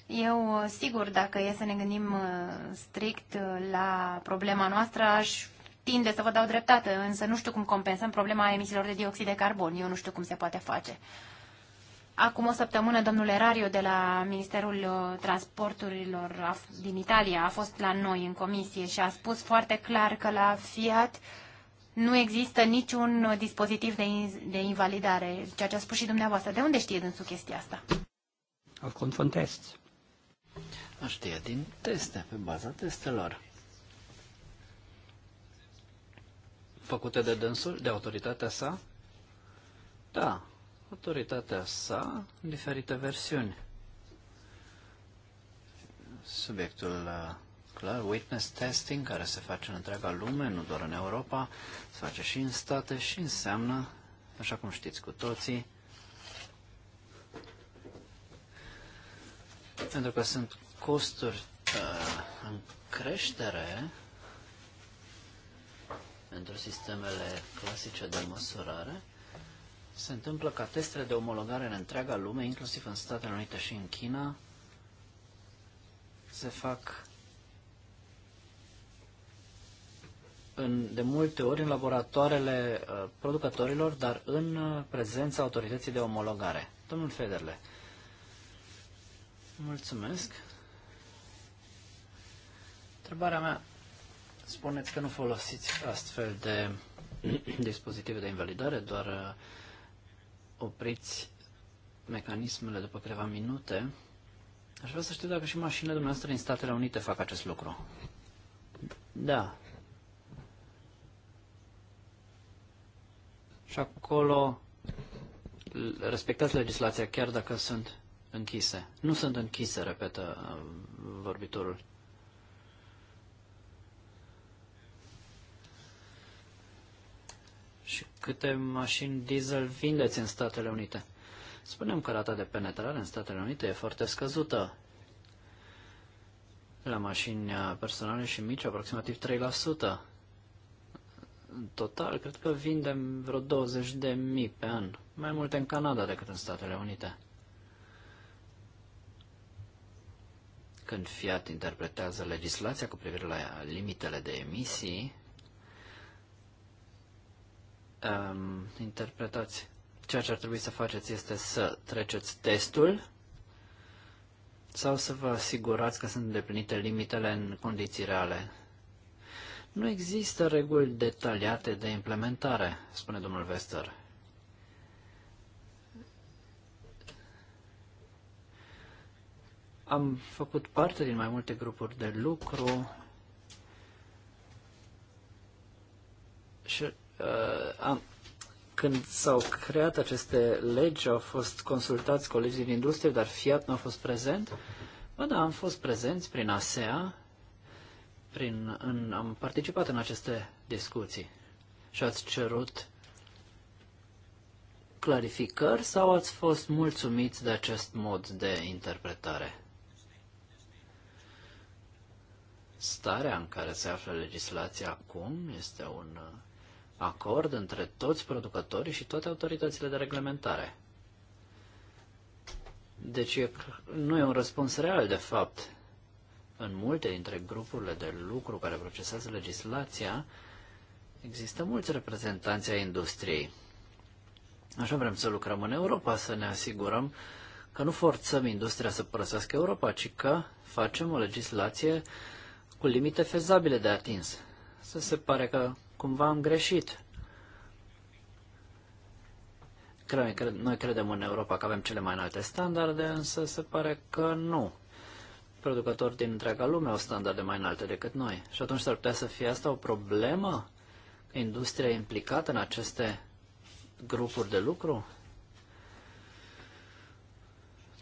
Speaker 2: Eu, sigur, dacă e să ne gândim uh, strict la problema noastră, aș tinde să vă dau dreptate, însă nu știu cum compensăm problema emisiilor de dioxid de carbon. Eu nu știu cum se poate face. Acum o săptămână, domnul Erario de la Ministerul uh, Transporturilor din Italia a fost la noi în comisie și a spus foarte clar că la Fiat nu există niciun dispozitiv de, in- de invalidare, ceea ce a spus și dumneavoastră. De unde știe dânsul chestia asta?
Speaker 3: Aufgrund von test. Aș
Speaker 2: din teste,
Speaker 3: pe baza testelor. Făcute de dânsul, de autoritatea sa? Da, autoritatea sa în diferite versiuni. Subiectul uh, clar, witness testing, care se face în întreaga lume, nu doar în Europa, se face și în state și înseamnă, așa cum știți cu toții, pentru că sunt costuri uh, în creștere pentru sistemele clasice de măsurare, se întâmplă ca testele de omologare în întreaga lume, inclusiv în Statele Unite și în China, se fac în, de multe ori în laboratoarele uh, producătorilor, dar în uh, prezența autorității de omologare. Domnul Federle, mulțumesc. Întrebarea mea, spuneți că nu folosiți astfel de dispozitive de invalidare, doar uh, opriți mecanismele după câteva minute, aș vrea să știu dacă și mașinile dumneavoastră din Statele Unite fac acest lucru. Da. Și acolo respectați legislația chiar dacă sunt închise. Nu sunt închise, repetă uh, vorbitorul. câte mașini diesel vindeți în Statele Unite. Spunem că rata de penetrare în Statele Unite e foarte scăzută. La mașini uh, personale și mici, aproximativ 3%. În total, cred că vindem vreo 20 de mii pe an, mai multe în Canada decât în Statele Unite. Când Fiat interpretează legislația cu privire la limitele de emisii, um, interpretați. Ceea ce ar trebui să faceți este să treceți testul sau să vă asigurați că sunt îndeplinite limitele în condiții reale. Nu există reguli detaliate de implementare, spune domnul Vester. Am făcut parte din mai multe grupuri de lucru și Uh, am, când s-au creat aceste legi, au fost consultați colegii din industrie, dar Fiat nu a fost prezent. Bă, da, am fost prezenți prin ASEA, prin, în, am participat în aceste discuții și ați cerut clarificări sau ați fost mulțumiți de acest mod de interpretare? Starea în care se află legislația acum este un uh, acord între toți producătorii și toate autoritățile de reglementare. Deci nu e un răspuns real, de fapt. În multe dintre grupurile de lucru care procesează legislația, există mulți reprezentanți ai industriei. Așa vrem să lucrăm în Europa, să ne asigurăm că nu forțăm industria să părăsească Europa, ci că facem o legislație cu limite fezabile de atins. Să se pare că cumva am greșit. Cred, noi credem în Europa că avem cele mai înalte standarde, însă se pare că nu. Producători din întreaga lume au standarde mai înalte decât noi. Și atunci s-ar putea să fie asta o problemă? Industria implicată în aceste grupuri de lucru?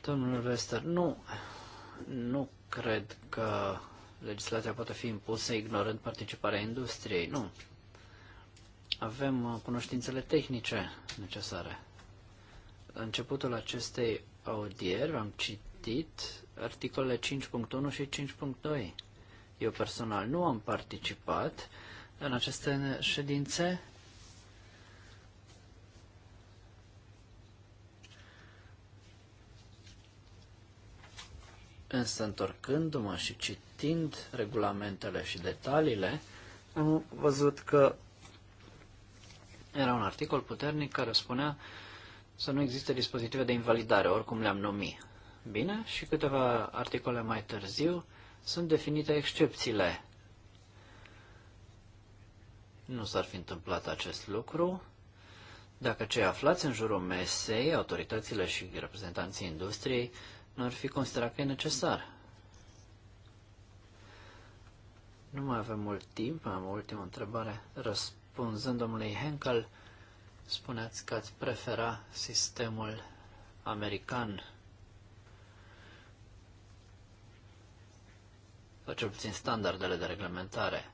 Speaker 3: Domnul Vester, nu, nu cred că legislația poate fi impusă ignorând participarea industriei. Nu, avem uh, cunoștințele tehnice necesare. La începutul acestei audieri am citit articolele 5.1 și 5.2. Eu personal nu am participat în aceste ședințe. Însă, întorcându-mă și citind regulamentele și detaliile, am văzut că era un articol puternic care spunea să nu existe dispozitive de invalidare, oricum le-am numit. Bine, și câteva articole mai târziu sunt definite excepțiile. Nu s-ar fi întâmplat acest lucru dacă cei aflați în jurul mesei, autoritățile și reprezentanții industriei, nu ar fi considerat că e necesar. Nu mai avem mult timp, am o ultimă întrebare. Răspuns răspunzând domnului Henkel, spuneați că ați prefera sistemul american. Sau cel puțin standardele de reglementare.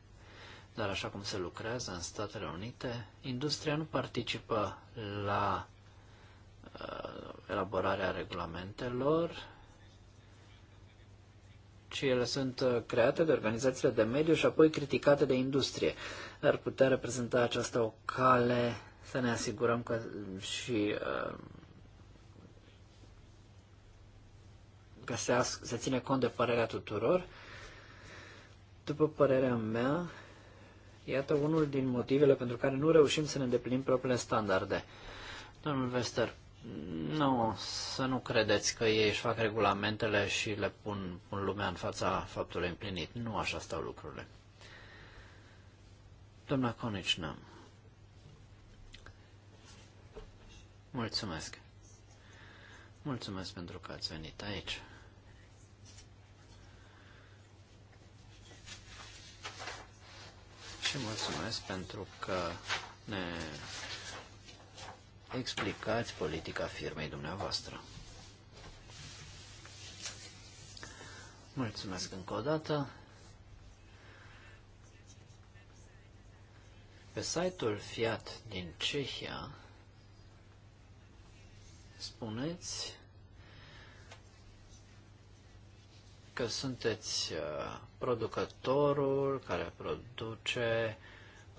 Speaker 3: Dar așa cum se lucrează în Statele Unite, industria nu participă la uh, elaborarea regulamentelor, ci ele sunt uh, create de organizațiile de mediu și apoi criticate de industrie. Ar putea reprezenta aceasta o cale să ne asigurăm că și uh, că se, se ține cont de părerea tuturor. După părerea mea, iată unul din motivele pentru care nu reușim să ne îndeplinim propriile standarde. Domnul Vester, nu, să nu credeți că ei își fac regulamentele și le pun, pun lumea în fața faptului împlinit. Nu așa stau lucrurile. Doamna Conicină, mulțumesc. Mulțumesc pentru că ați venit aici. Și mulțumesc pentru că ne explicați politica firmei dumneavoastră. Mulțumesc încă o dată. Pe site-ul Fiat din Cehia spuneți că sunteți uh, producătorul care produce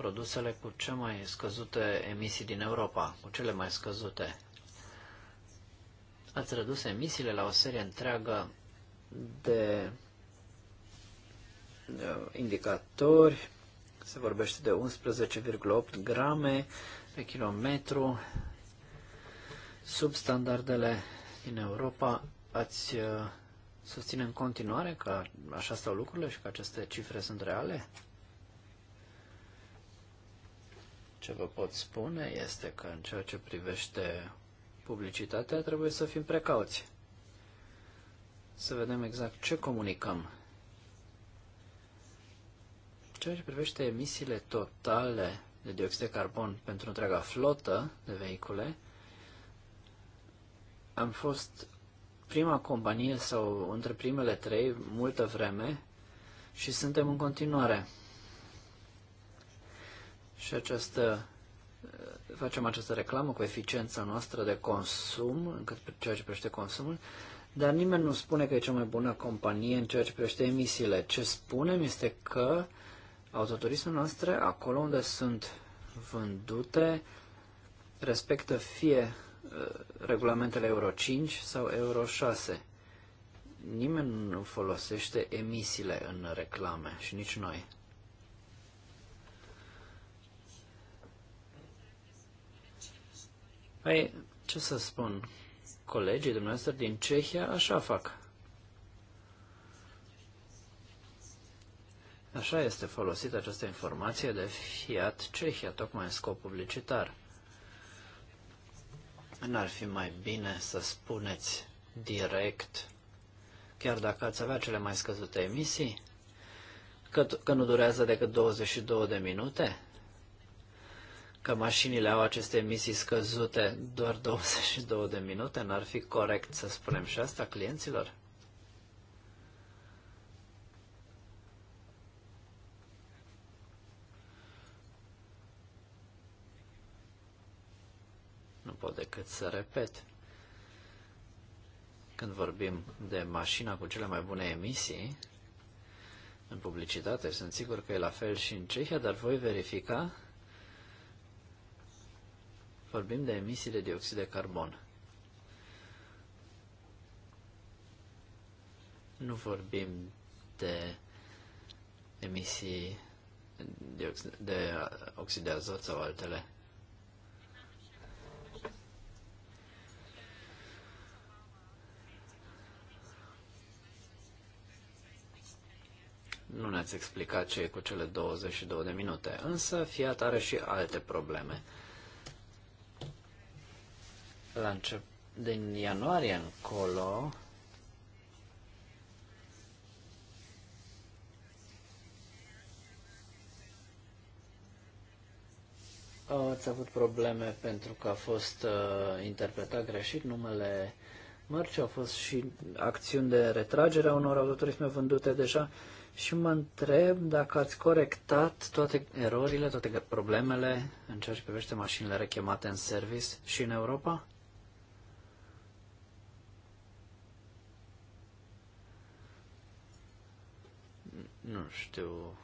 Speaker 3: produsele cu cea mai scăzute emisii din Europa, cu cele mai scăzute. Ați redus emisiile la o serie întreagă de indicatori, se vorbește de 11,8 grame pe kilometru, sub standardele din Europa. Ați uh, susține în continuare că așa stau lucrurile și că aceste cifre sunt reale? Ce vă pot spune este că în ceea ce privește publicitatea trebuie să fim precauți. Să vedem exact ce comunicăm. Ceea ce privește emisiile totale de dioxid de carbon pentru întreaga flotă de vehicule, am fost prima companie sau între primele trei multă vreme și suntem în continuare. Și această, uh, facem această reclamă cu eficiența noastră de consum, încât ceea ce privește consumul, dar nimeni nu spune că e cea mai bună companie în ceea ce privește emisiile. Ce spunem este că autoturismul noastre, acolo unde sunt vândute, respectă fie uh, regulamentele Euro 5 sau Euro 6. Nimeni nu folosește emisiile în reclame și nici noi. Păi, ce să spun, colegii dumneavoastră din Cehia așa fac. Așa este folosită această informație de Fiat Cehia, tocmai în scop publicitar. N-ar fi mai bine să spuneți direct, chiar dacă ați avea cele mai scăzute emisii, că, că nu durează decât 22 de minute? că mașinile au aceste emisii scăzute doar 22 de minute, n-ar fi corect să spunem și asta clienților? Nu pot decât să repet. Când vorbim de mașina cu cele mai bune emisii, în publicitate, sunt sigur că e la fel și în Cehia, dar voi verifica vorbim de emisii de dioxid de carbon. Nu vorbim de emisii de oxid de azot sau altele. Nu ne-ați explicat ce e cu cele 22 de minute, însă Fiat are și alte probleme la încep, din ianuarie încolo, ați avut probleme pentru că a fost uh, interpretat greșit numele mărci, au fost și acțiuni de retragere a unor autoturisme vândute deja și mă întreb dacă ați corectat toate erorile, toate problemele în ceea ce privește mașinile rechemate în service și în Europa? Nu știu,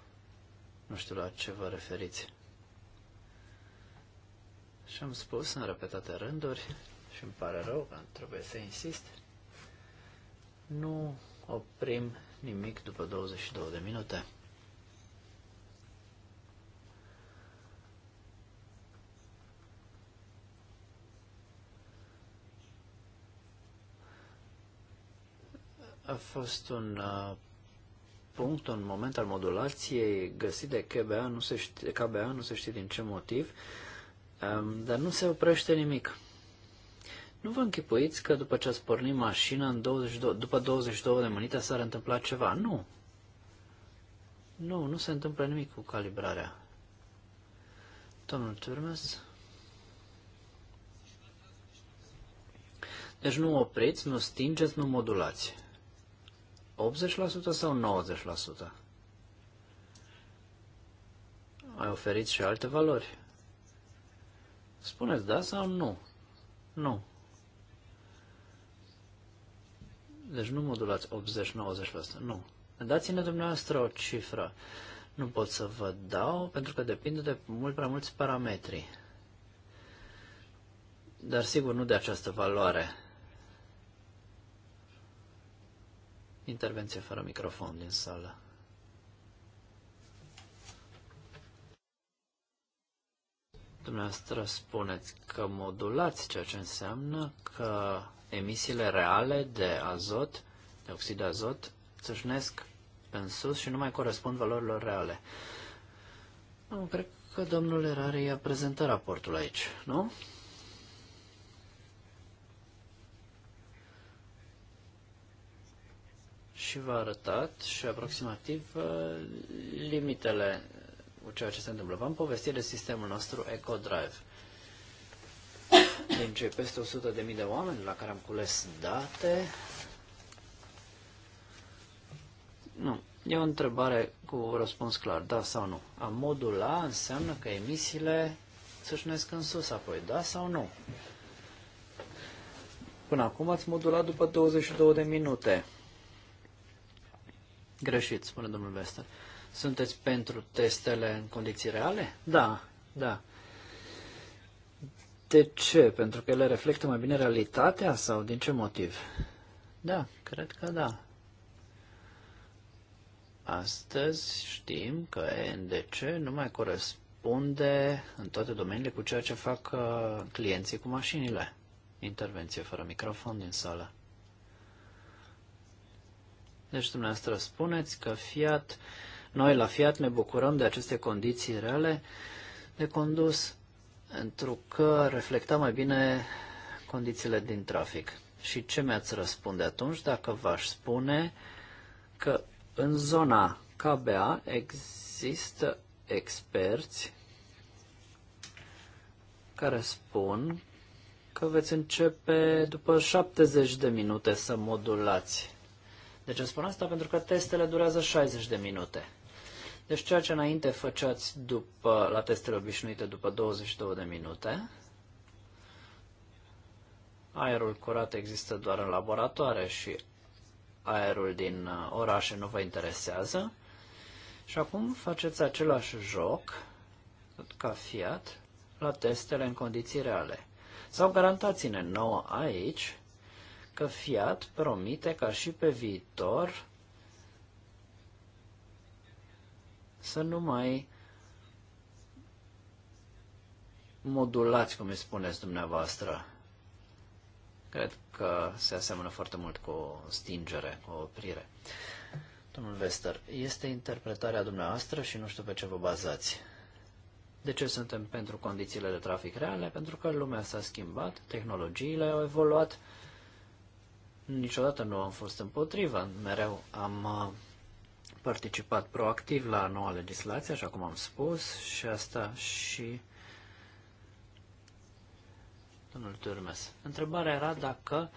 Speaker 3: nu știu la ce vă referiți. Și am spus în repetate rânduri, și îmi pare rău că trebuie să insist, nu oprim nimic după 22 de minute. A fost un uh, punct, un moment al modulației găsit de KBA, nu se știe, KBA, nu se știe din ce motiv, um, dar nu se oprește nimic. Nu vă închipuiți că după ce ați pornit mașina, în 22, după 22 de minute s-ar întâmpla ceva. Nu. Nu, nu se întâmplă nimic cu calibrarea. Domnul Turmes. Deci nu opriți, nu stingeți, nu modulați. 80% sau 90%? Ai oferit și alte valori. Spuneți da sau nu? Nu. Deci nu modulați 80-90%, nu. Dați-ne dumneavoastră o cifră. Nu pot să vă dau pentru că depinde de mult prea mulți parametri. Dar sigur nu de această valoare. Intervenție fără microfon din sală. Dumneavoastră spuneți că modulați, ceea ce înseamnă că emisiile reale de azot, de oxid de azot, țâșnesc în sus și nu mai corespund valorilor reale. Nu, cred că domnul Erari a prezentat raportul aici, nu? și v-a arătat și aproximativ uh, limitele cu ceea ce se întâmplă. V-am povestit de sistemul nostru EcoDrive. Din cei peste 100.000 de oameni la care am cules date, nu, E o întrebare cu răspuns clar, da sau nu. A modula înseamnă că emisiile șnesc în sus apoi, da sau nu. Până acum ați modulat după 22 de minute. Greșit, spune domnul Vester. Sunteți pentru testele în condiții reale? Da, da. De ce? Pentru că ele reflectă mai bine realitatea sau din ce motiv? Da, cred că da. Astăzi știm că NDC nu mai corespunde în toate domeniile cu ceea ce fac uh, clienții cu mașinile. Intervenție fără microfon din sală. Deci dumneavoastră spuneți că Fiat, noi la Fiat ne bucurăm de aceste condiții reale de condus pentru că reflecta mai bine condițiile din trafic. Și ce mi-ați răspunde atunci dacă v-aș spune că în zona KBA există experți care spun că veți începe după 70 de minute să modulați de ce spun asta? Pentru că testele durează 60 de minute. Deci ceea ce înainte făceați după, la testele obișnuite după 22 de minute, aerul curat există doar în laboratoare și aerul din uh, orașe nu vă interesează. Și acum faceți același joc, ca fiat, la testele în condiții reale. Sau garantați-ne nouă aici că Fiat promite ca și pe viitor să nu mai modulați, cum îi spuneți dumneavoastră. Cred că se aseamănă foarte mult cu o stingere, cu o oprire. Domnul Vester, este interpretarea dumneavoastră și nu știu pe ce vă bazați. De ce suntem pentru condițiile de trafic reale? Pentru că lumea s-a schimbat, tehnologiile au evoluat, niciodată nu am fost împotriva, mereu am uh, participat proactiv la noua legislație, așa cum am spus, și asta și domnul Turmes. Întrebarea era dacă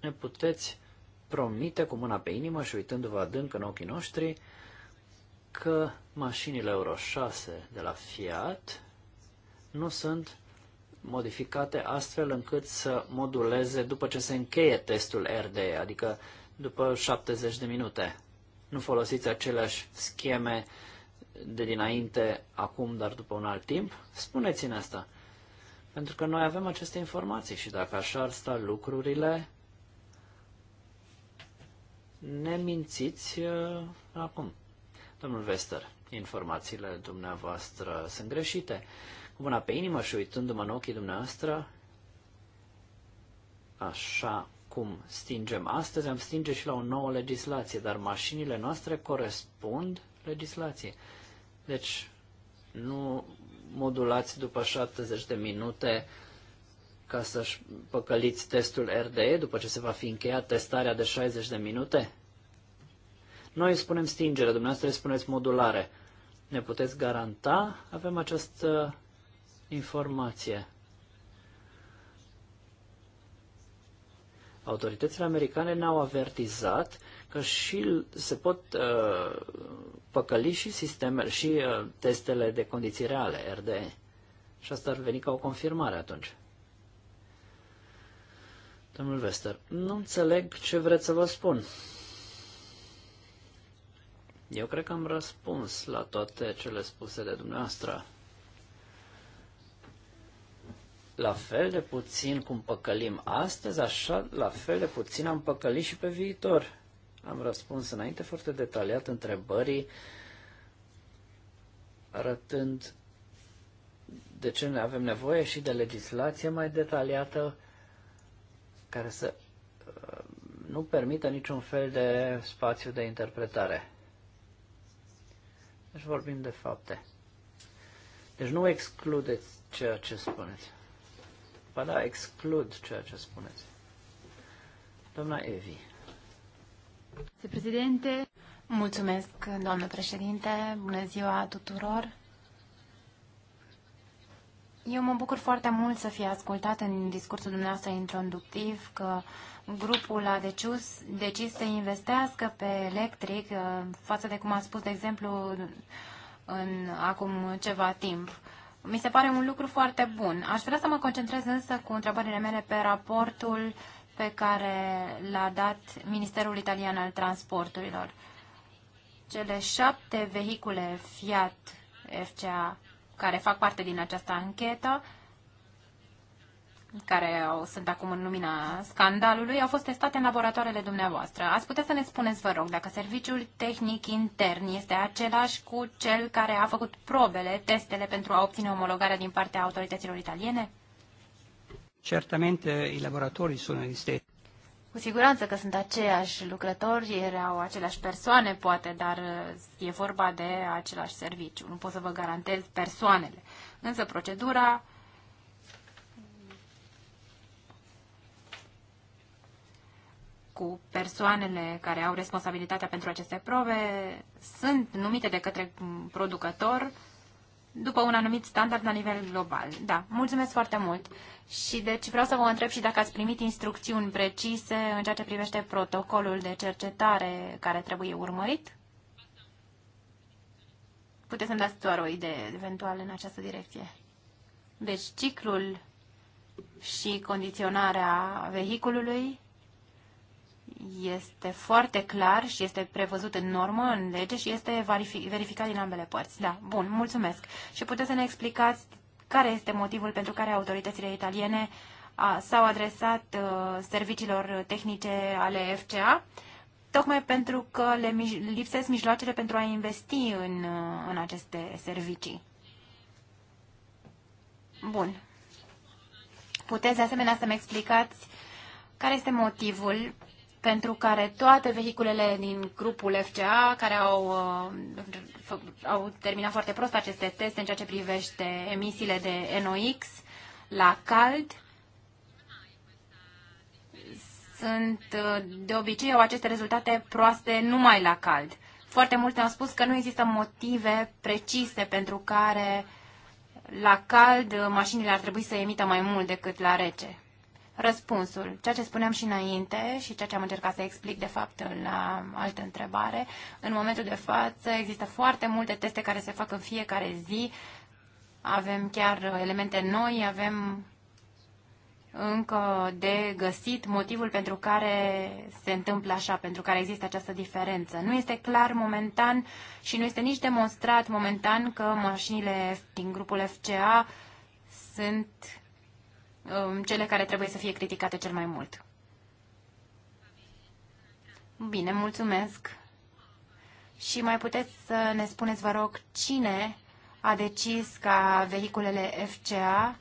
Speaker 3: ne puteți promite cu mâna pe inimă și uitându-vă adânc în ochii noștri că mașinile Euro 6 de la Fiat nu sunt modificate astfel încât să moduleze după ce se încheie testul RD, adică după 70 de minute. Nu folosiți aceleași scheme de dinainte, acum, dar după un alt timp? Spuneți-ne asta. Pentru că noi avem aceste informații și dacă așa ar sta lucrurile, ne mințiți uh, acum. Domnul Vester, informațiile dumneavoastră sunt greșite. Uh, cu mâna pe inimă și uitându-mă în ochii dumneavoastră, așa cum stingem astăzi, am stinge și la o nouă legislație, dar mașinile noastre corespund legislației. Deci nu modulați după 70 de minute ca să-și păcăliți testul RDE după ce se va fi încheiat testarea de 60 de minute? Noi spunem stingere, dumneavoastră spuneți modulare. Ne puteți garanta? Avem această informație. Autoritățile americane ne-au avertizat că și se pot uh, păcăli și sistemele și uh, testele de condiții reale, RDE. Și asta ar veni ca o confirmare atunci. Domnul Vester, nu înțeleg ce vreți să vă spun. Eu cred că am răspuns la toate cele spuse de dumneavoastră la fel de puțin cum păcălim astăzi, așa la fel de puțin am păcălit și pe viitor. Am răspuns înainte foarte detaliat întrebării, arătând de ce ne avem nevoie și de legislație mai detaliată care să uh, nu permită niciun fel de spațiu de interpretare. Deci vorbim de fapte. Deci nu excludeți ceea ce spuneți. Ba da, exclud ceea ce spuneți. Doamna Evi.
Speaker 2: Președinte. Mulțumesc, doamnă președinte. Bună ziua tuturor. Eu mă bucur foarte mult să fie ascultat în discursul dumneavoastră introductiv că grupul a decis, decis să investească pe electric uh, față de cum a spus, de exemplu, în, acum ceva timp. Mi se pare un lucru foarte bun. Aș vrea să mă concentrez însă cu întrebările mele pe raportul pe care l-a dat Ministerul Italian al Transporturilor. Cele șapte vehicule Fiat FCA care fac parte din această anchetă care au, sunt acum în lumina scandalului, au fost testate în laboratoarele dumneavoastră. Ați putea să ne spuneți, vă rog, dacă serviciul tehnic intern este același cu cel care a făcut probele, testele pentru a obține omologarea din partea autorităților italiene?
Speaker 3: Certamente, i laboratorii sunt esistenti.
Speaker 2: Cu siguranță că sunt aceiași lucrători, erau aceleași persoane, poate, dar e vorba de același serviciu. Nu pot să vă garantez persoanele. Însă procedura cu persoanele care au responsabilitatea pentru aceste probe sunt numite de către producător după un anumit standard la nivel global. Da, mulțumesc foarte mult. Și deci vreau să vă întreb și dacă ați primit instrucțiuni precise în ceea ce privește protocolul de cercetare care trebuie urmărit? Puteți să-mi dați doar o idee eventual în această direcție. Deci ciclul și condiționarea vehiculului este foarte clar și este prevăzut în normă, în lege și este verificat din ambele părți. Da, bun, mulțumesc. Și puteți să ne explicați care este motivul pentru care autoritățile italiene s-au adresat uh, serviciilor tehnice ale FCA, tocmai pentru că le mij lipsesc mijloacele pentru a investi în, uh, în aceste servicii. Bun. Puteți de asemenea să-mi explicați care este motivul pentru care toate vehiculele din grupul FCA, care au, uh, au terminat foarte prost aceste teste în ceea ce privește emisiile de NOx la cald, sunt uh, de obicei au aceste rezultate proaste numai la cald. Foarte multe au spus că nu există motive precise pentru care la cald uh, mașinile ar trebui să emită mai mult decât la rece. Răspunsul, ceea ce spuneam și înainte și ceea ce am încercat să explic de fapt la uh, altă întrebare, în momentul de față există foarte multe teste care se fac în fiecare zi, avem chiar uh, elemente noi, avem încă de găsit motivul pentru care se întâmplă așa, pentru care există această diferență. Nu este clar momentan și nu este nici demonstrat momentan că mașinile din grupul FCA sunt Um, cele care trebuie să fie criticate cel mai mult. Bine, mulțumesc. Și mai puteți să ne spuneți, vă rog, cine a decis ca vehiculele FCA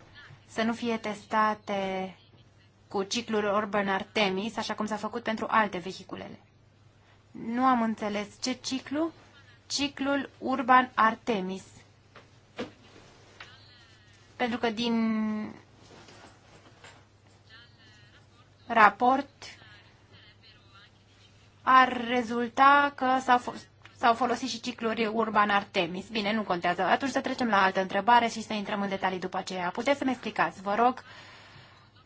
Speaker 2: să nu fie testate cu ciclul Orban Artemis, așa cum s-a făcut pentru alte vehiculele. Nu am înțeles ce ciclu? Ciclul Urban Artemis. Pentru că din raport ar rezulta că s-au, s-au folosit și cicluri Urban Artemis. Bine, nu contează. Atunci să trecem la altă întrebare și să intrăm în detalii după aceea. Puteți să-mi explicați, vă rog,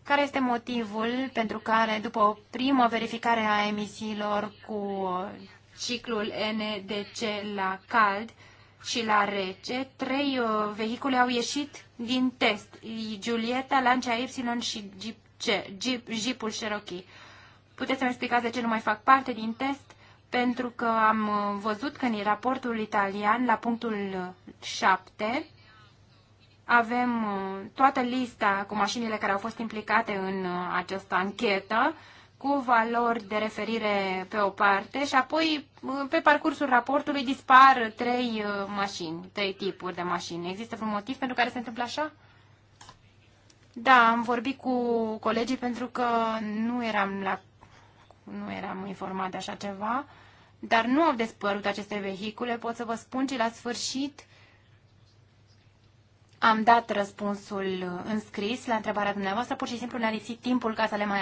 Speaker 2: care este motivul pentru care, după o primă verificare a emisiilor cu ciclul NDC la cald și la rece, trei uh, vehicule au ieșit din test. Giulietta, Lancia Epsilon și Jeep Jeep, Jeepul Cherokee. Puteți să-mi explicați de ce nu mai fac parte din test? Pentru că am uh, văzut că în raportul italian, la punctul 7, uh, avem uh, toată lista cu mașinile care au fost implicate în această anchetă, cu valori de referire pe o parte și apoi pe parcursul raportului dispar trei mașini, trei tipuri de mașini. Există vreun motiv pentru care se întâmplă așa? Da, am vorbit cu colegii pentru că nu eram, la, nu eram informat de așa ceva, dar nu au despărut aceste vehicule. Pot să vă spun ce la sfârșit am dat răspunsul înscris la întrebarea dumneavoastră, pur și simplu ne-a lipsit timpul ca să le mai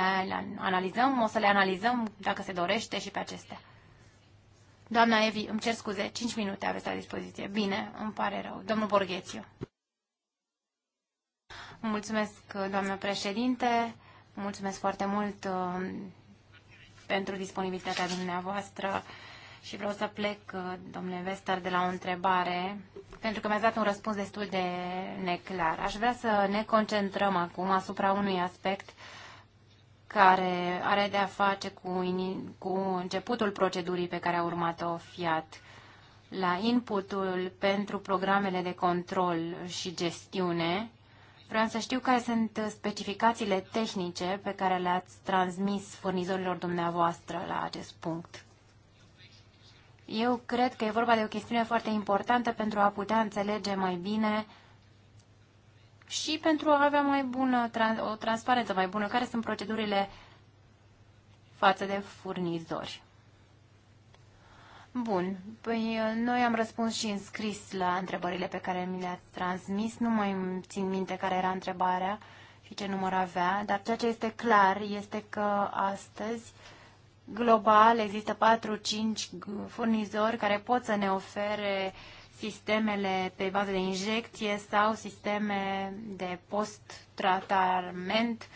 Speaker 2: analizăm, o să le analizăm dacă se dorește și pe acestea. Doamna Evi, îmi cer scuze, 5 minute aveți la dispoziție. Bine, îmi pare rău. Domnul Borghețiu. Mulțumesc, doamnă președinte. Mulțumesc foarte mult um, pentru disponibilitatea dumneavoastră și vreau să plec, uh, domnule Vestar de la o întrebare, pentru că mi-ați dat un răspuns destul de neclar. Aș vrea să ne concentrăm acum asupra unui aspect care are de-a face cu, cu începutul procedurii pe care a urmat-o Fiat la inputul pentru programele de control și gestiune Vreau să știu care sunt specificațiile tehnice pe care le-ați transmis furnizorilor dumneavoastră la acest punct. Eu cred că e vorba de o chestiune foarte importantă pentru a putea înțelege mai bine și pentru a avea mai bună, o transparență mai bună, care sunt procedurile față de furnizori. Bun. Păi uh, noi am răspuns și în scris la întrebările pe care mi le-ați transmis. Nu mai țin minte care era întrebarea și ce număr avea, dar ceea ce este clar este că astăzi global există 4-5 furnizori care pot să ne ofere sistemele pe bază de injecție sau sisteme de post-tratament uh,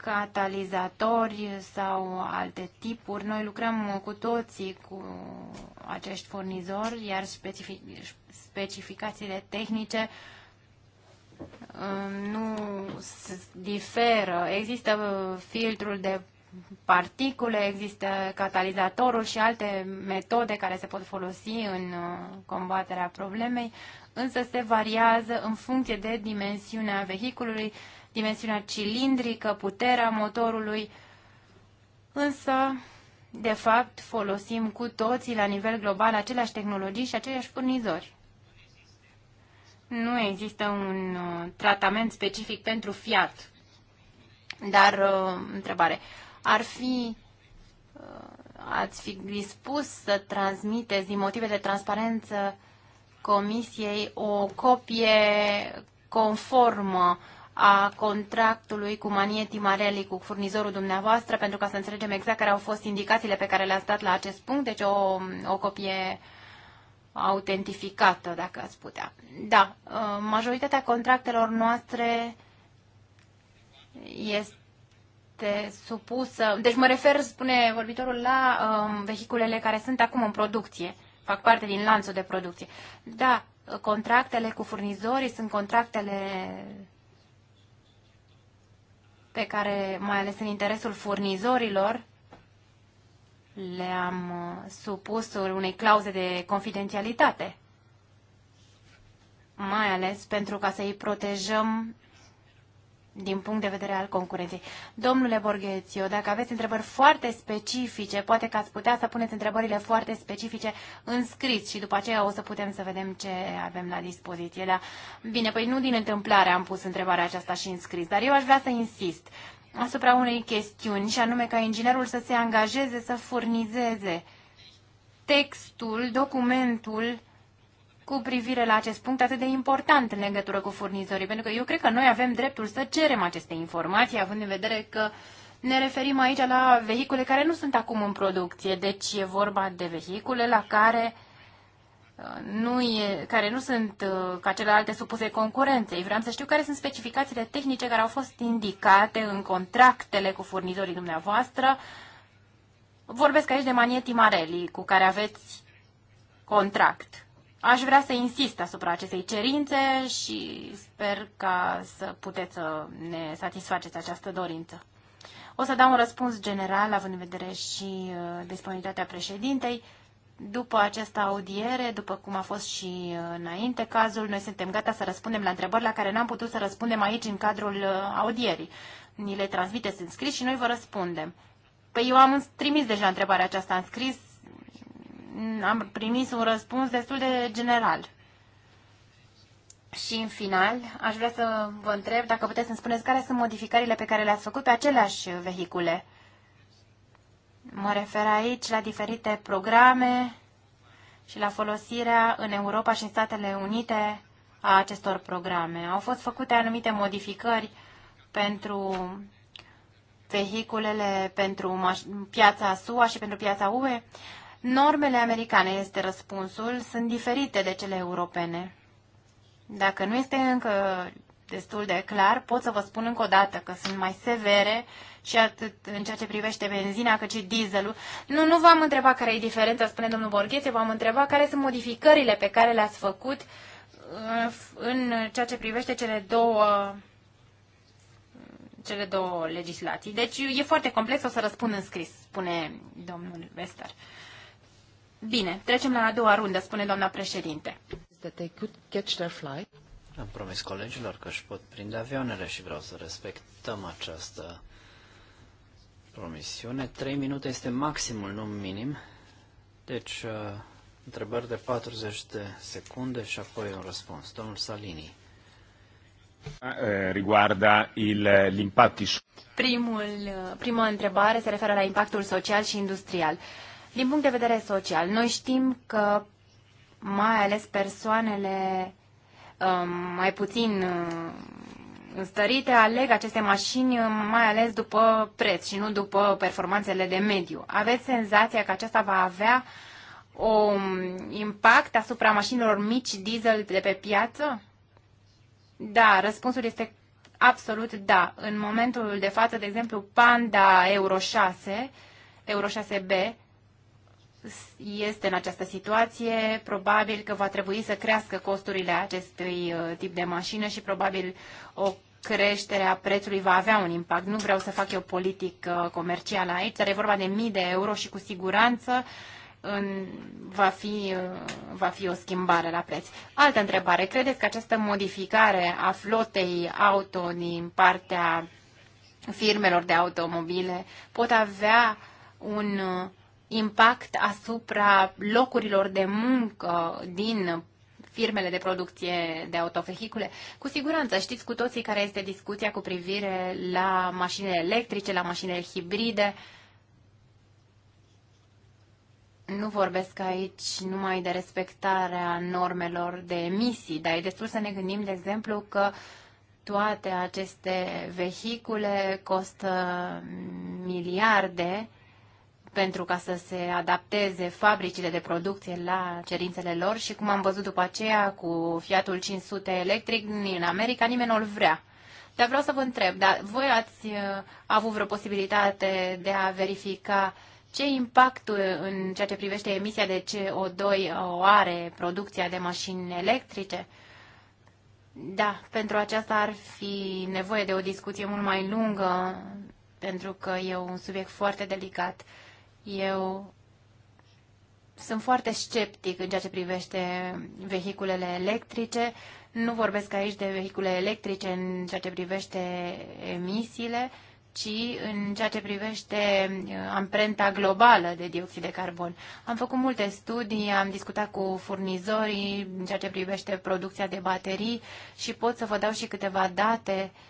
Speaker 2: catalizatori sau alte tipuri. Noi lucrăm cu toții cu acești furnizori, iar specific- specificațiile tehnice um, nu diferă. Există filtrul de particule, există catalizatorul și alte metode care se pot folosi în uh, combaterea problemei, însă se variază în funcție de dimensiunea vehiculului, dimensiunea cilindrică, puterea motorului, însă, de fapt, folosim cu toții la nivel global aceleași tehnologii și aceleași furnizori. Nu există un uh, tratament specific pentru Fiat, dar, uh, întrebare, ar fi uh, ați fi dispus să transmiteți din motive de transparență Comisiei o copie conformă a contractului cu Manie Timarelli, cu furnizorul dumneavoastră, pentru ca să înțelegem exact care au fost indicațiile pe care le-ați dat la acest punct, deci o, o copie autentificată, dacă ați putea. Da, uh, majoritatea contractelor noastre este supusă, deci mă refer, spune vorbitorul, la um, vehiculele care sunt acum în producție, fac parte din lanțul de producție. Da, contractele cu furnizorii sunt contractele pe care, mai ales în interesul furnizorilor, le-am uh, supus unei clauze de confidențialitate, mai ales pentru ca să îi protejăm din punct de vedere al concurenței. Domnule Borghețiu, dacă aveți întrebări foarte specifice, poate că ați putea să puneți întrebările foarte specifice în scris și după aceea o să putem să vedem ce avem la dispoziție. La, Bine, păi nu din întâmplare am pus întrebarea aceasta și în scris, dar eu aș vrea să insist asupra unei chestiuni și anume ca inginerul să se angajeze să furnizeze textul, documentul cu privire la acest punct atât de important în legătură cu furnizorii, pentru că eu cred că noi avem dreptul să cerem aceste informații, având în vedere că ne referim aici la vehicule care nu sunt acum în producție, deci e vorba de vehicule la care uh, nu e, care nu sunt uh, ca celelalte supuse concurenței. Vreau să știu care sunt specificațiile tehnice care au fost indicate în contractele cu furnizorii dumneavoastră. Vorbesc aici de manieti Marelli cu care aveți contract. Aș vrea să insist asupra acestei cerințe și sper ca să puteți să ne satisfaceți această dorință. O să dau un răspuns general, având în vedere și uh, disponibilitatea președintei. După această audiere, după cum a fost și uh, înainte cazul, noi suntem gata să răspundem la întrebări la care n-am putut să răspundem aici în cadrul uh, audierii. Ni le transmiteți în scris și noi vă răspundem. Păi eu am trimis deja întrebarea aceasta în scris, Mm, am primit un răspuns destul de general. Și în final, aș vrea să vă întreb dacă puteți să-mi spuneți care sunt modificările pe care le-ați făcut pe aceleași vehicule. Mă refer aici la diferite programe și la folosirea în Europa și în Statele Unite a acestor programe. Au fost făcute anumite modificări pentru vehiculele pentru piața SUA și pentru piața UE. Normele americane, este răspunsul, sunt diferite de cele europene. Dacă nu este încă destul de clar, pot să vă spun încă o dată că sunt mai severe și atât în ceea ce privește benzina cât și dieselul. Nu, nu v-am întrebat care e diferența, spune domnul Borghețe, v-am întrebat care sunt modificările pe care le-ați făcut uh, în ceea ce privește cele două cele două legislații. Deci e foarte complex, o să răspund în scris, spune domnul Vester. Bine, trecem la a doua rundă, spune doamna președinte.
Speaker 3: Am promis colegilor că își pot prinde avioanele și vreau să respectăm această promisiune. Trei minute este maximul, nu minim. Deci, uh, întrebări de 40 de secunde și apoi un răspuns. Domnul Salini.
Speaker 1: Uh, riguarda uh, l'impatti.
Speaker 2: Primul, prima întrebare se referă la impactul social și industrial. Uh, din punct de vedere social, noi știm că mai ales persoanele um, mai puțin uh, înstărite aleg aceste mașini uh, mai ales după preț și nu după performanțele de mediu. Aveți senzația că aceasta va avea un um, impact asupra mașinilor mici diesel de pe piață? Da, răspunsul este absolut da. În momentul de față, de exemplu, Panda Euro 6, Euro 6B, este în această situație, probabil că va trebui să crească costurile acestui uh, tip de mașină și probabil o creștere a prețului va avea un impact. Nu vreau să fac eu politic uh, comercială aici, dar e vorba de mii de euro și cu siguranță în, va, fi, uh, va fi o schimbare la preț. Altă întrebare. Credeți că această modificare a flotei auto din partea firmelor de automobile pot avea un uh, impact asupra locurilor de muncă din firmele de producție de autovehicule. Cu siguranță știți cu toții care este discuția cu privire la mașinile electrice, la mașinile hibride. Nu vorbesc aici numai de respectarea normelor de emisii, dar e destul să ne gândim, de exemplu, că toate aceste vehicule costă miliarde pentru ca să se adapteze fabricile de producție la cerințele lor și cum am văzut după aceea cu Fiatul 500 electric în America, nimeni nu-l vrea. Dar vreau să vă întreb, dar voi ați uh, avut vreo posibilitate de a verifica ce impact în ceea ce privește emisia de CO2 uh, o are producția de mașini electrice? Da, pentru aceasta ar fi nevoie de o discuție mult mai lungă, pentru că e un subiect foarte delicat eu sunt foarte sceptic în ceea ce privește vehiculele electrice. Nu vorbesc aici de vehicule electrice în ceea ce privește emisiile, ci în ceea ce privește uh, amprenta globală de dioxid de carbon. Am făcut multe studii, am discutat cu furnizorii în ceea ce privește producția de baterii și pot să vă dau și câteva date uh,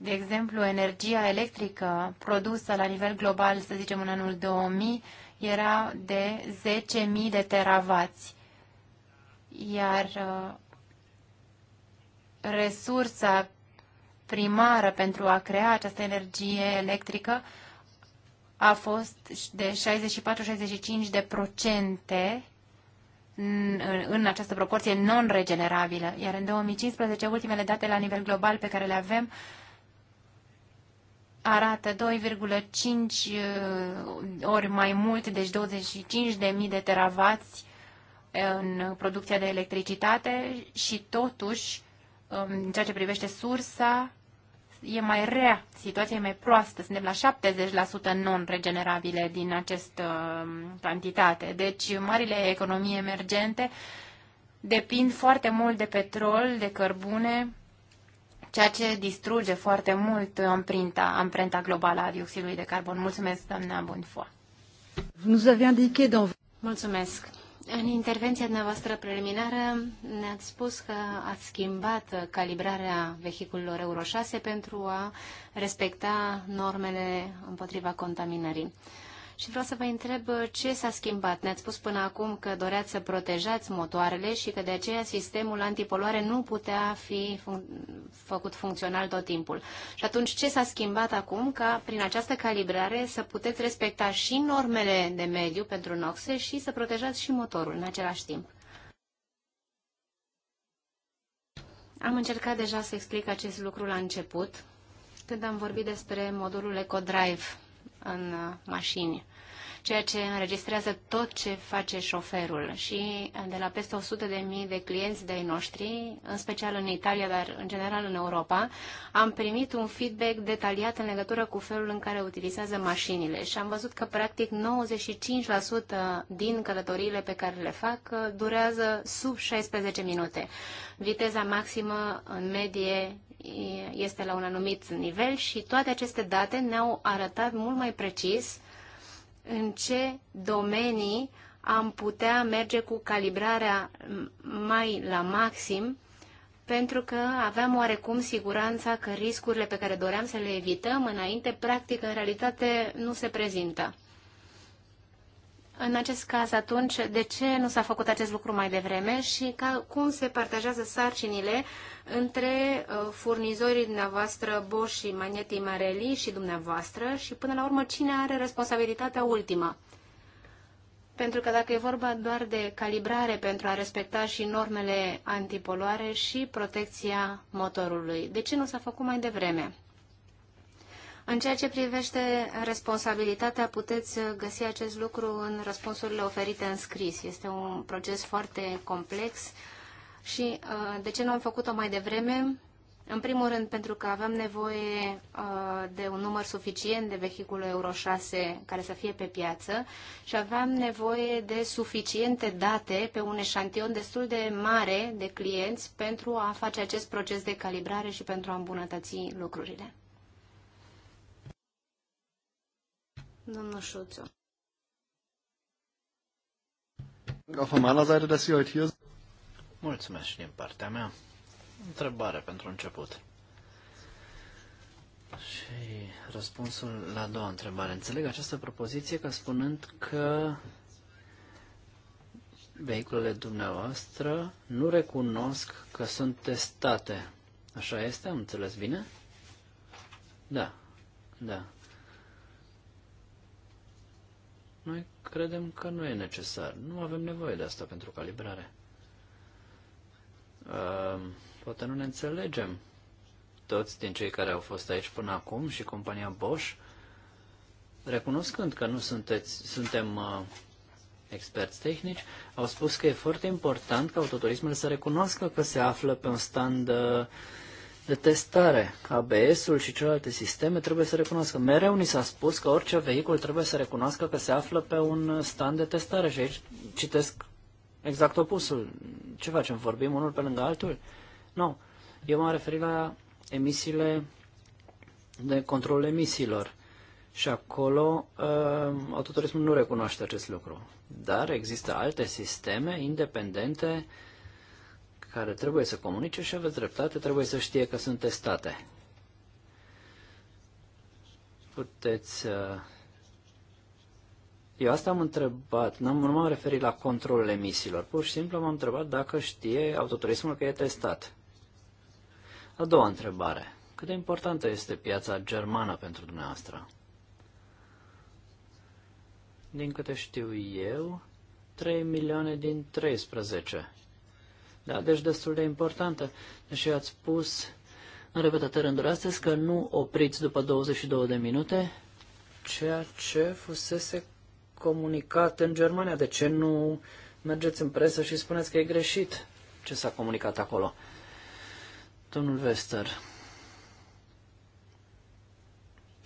Speaker 2: de exemplu, energia electrică produsă la nivel global, să zicem în anul 2000, era de 10.000 de teravați, iar uh, resursa primară pentru a crea această energie electrică a fost de 64-65 de procente în, în această proporție non-regenerabilă. Iar în 2015, ultimele date la nivel global pe care le avem arată 2,5 uh, ori mai mult, deci 25.000 de teravați uh, în producția de electricitate și totuși, um, în ceea ce privește sursa, e mai rea, situația e mai proastă. Suntem la 70% non-regenerabile din această um, cantitate. Deci, marile economii emergente depind foarte mult de petrol, de cărbune, ceea ce distruge foarte mult amprenta, amprenta globală a dioxidului de carbon. Mulțumesc, doamna Bunfoa.
Speaker 1: Mulțumesc. În intervenția dumneavoastră preliminară ne-ați spus că ați schimbat calibrarea vehiculelor Euro 6 pentru a respecta normele împotriva contaminării. Și vreau să vă întreb ce s-a schimbat. Ne-ați spus până acum că doreați să protejați motoarele și că de aceea sistemul antipoluare nu putea fi fun- făcut funcțional tot timpul. Și atunci ce s-a schimbat acum ca prin această calibrare să puteți respecta și normele de mediu pentru noxe și să protejați și motorul în același timp? Am încercat deja să explic acest lucru la început, când am vorbit despre modulul EcoDrive în uh, mașini, ceea ce înregistrează tot ce face șoferul. Și uh, de la peste 100.000 de, mii de clienți de noștri, în special în Italia, dar în general în Europa, am primit un feedback detaliat în legătură cu felul în care utilizează mașinile și am văzut că practic 95% din călătoriile pe care le fac uh, durează sub 16 minute. Viteza maximă în medie este la un anumit nivel și toate aceste date ne-au arătat mult mai precis în ce domenii am putea merge cu calibrarea mai la maxim, pentru că aveam oarecum siguranța că riscurile pe care doream să le evităm înainte, practic, în realitate, nu se prezintă. În acest caz, atunci, de ce nu s-a făcut acest lucru mai devreme și ca, cum se partajează sarcinile între uh, furnizorii dumneavoastră Bosch și Magneti Marelli și dumneavoastră și, până la urmă, cine are responsabilitatea ultimă? Pentru că dacă e vorba doar de calibrare pentru a respecta și normele antipoluare și protecția motorului, de ce nu s-a făcut mai devreme? În ceea ce privește responsabilitatea, puteți găsi acest lucru în răspunsurile oferite în scris. Este un proces foarte complex și uh, de ce nu am făcut-o mai devreme? În primul rând, pentru că aveam nevoie uh, de un număr suficient de vehicule Euro 6 care să fie pe piață și aveam nevoie de suficiente date pe un eșantion destul de mare de clienți pentru a face acest proces de calibrare și pentru a îmbunătăți lucrurile.
Speaker 3: hier sind. Mulțumesc din partea mea. Întrebare pentru început. Și răspunsul la a doua întrebare. Înțeleg această propoziție ca spunând că vehiculele dumneavoastră nu recunosc că sunt testate. Așa este? Am înțeles bine? Da, da, noi credem că nu e necesar. Nu avem nevoie de asta pentru calibrare. Uh, poate nu ne înțelegem. Toți din cei care au fost aici până acum și compania Bosch, recunoscând că nu sunteți, suntem uh, experți tehnici, au spus că e foarte important ca autoturismele să recunoască că se află pe un stand uh, de testare. ABS-ul și celelalte sisteme trebuie să recunoască. Mereu ni s-a spus că orice vehicul trebuie să recunoască că se află pe un stand de testare și aici citesc exact opusul. Ce facem? Vorbim unul pe lângă altul? Nu. Eu m-am referit la emisiile de control emisiilor. Și acolo uh, autoturismul nu recunoaște acest lucru. Dar există alte sisteme independente uh, care trebuie să comunice și aveți dreptate, trebuie să știe că sunt testate. Puteți... Uh, eu asta am întrebat, nu m-am referit la controlul emisiilor, pur și simplu m-am întrebat dacă știe autoturismul că e testat. A doua întrebare. Cât de importantă este piața germană pentru dumneavoastră? Din câte știu eu, 3 milioane din 13. Da, deci destul de importantă. Deși ați spus în repetate rânduri astăzi că nu opriți după 22 de minute, ceea ce fusese comunicat în Germania. De ce nu mergeți în presă și spuneți că e greșit ce s-a comunicat acolo? Domnul Wester,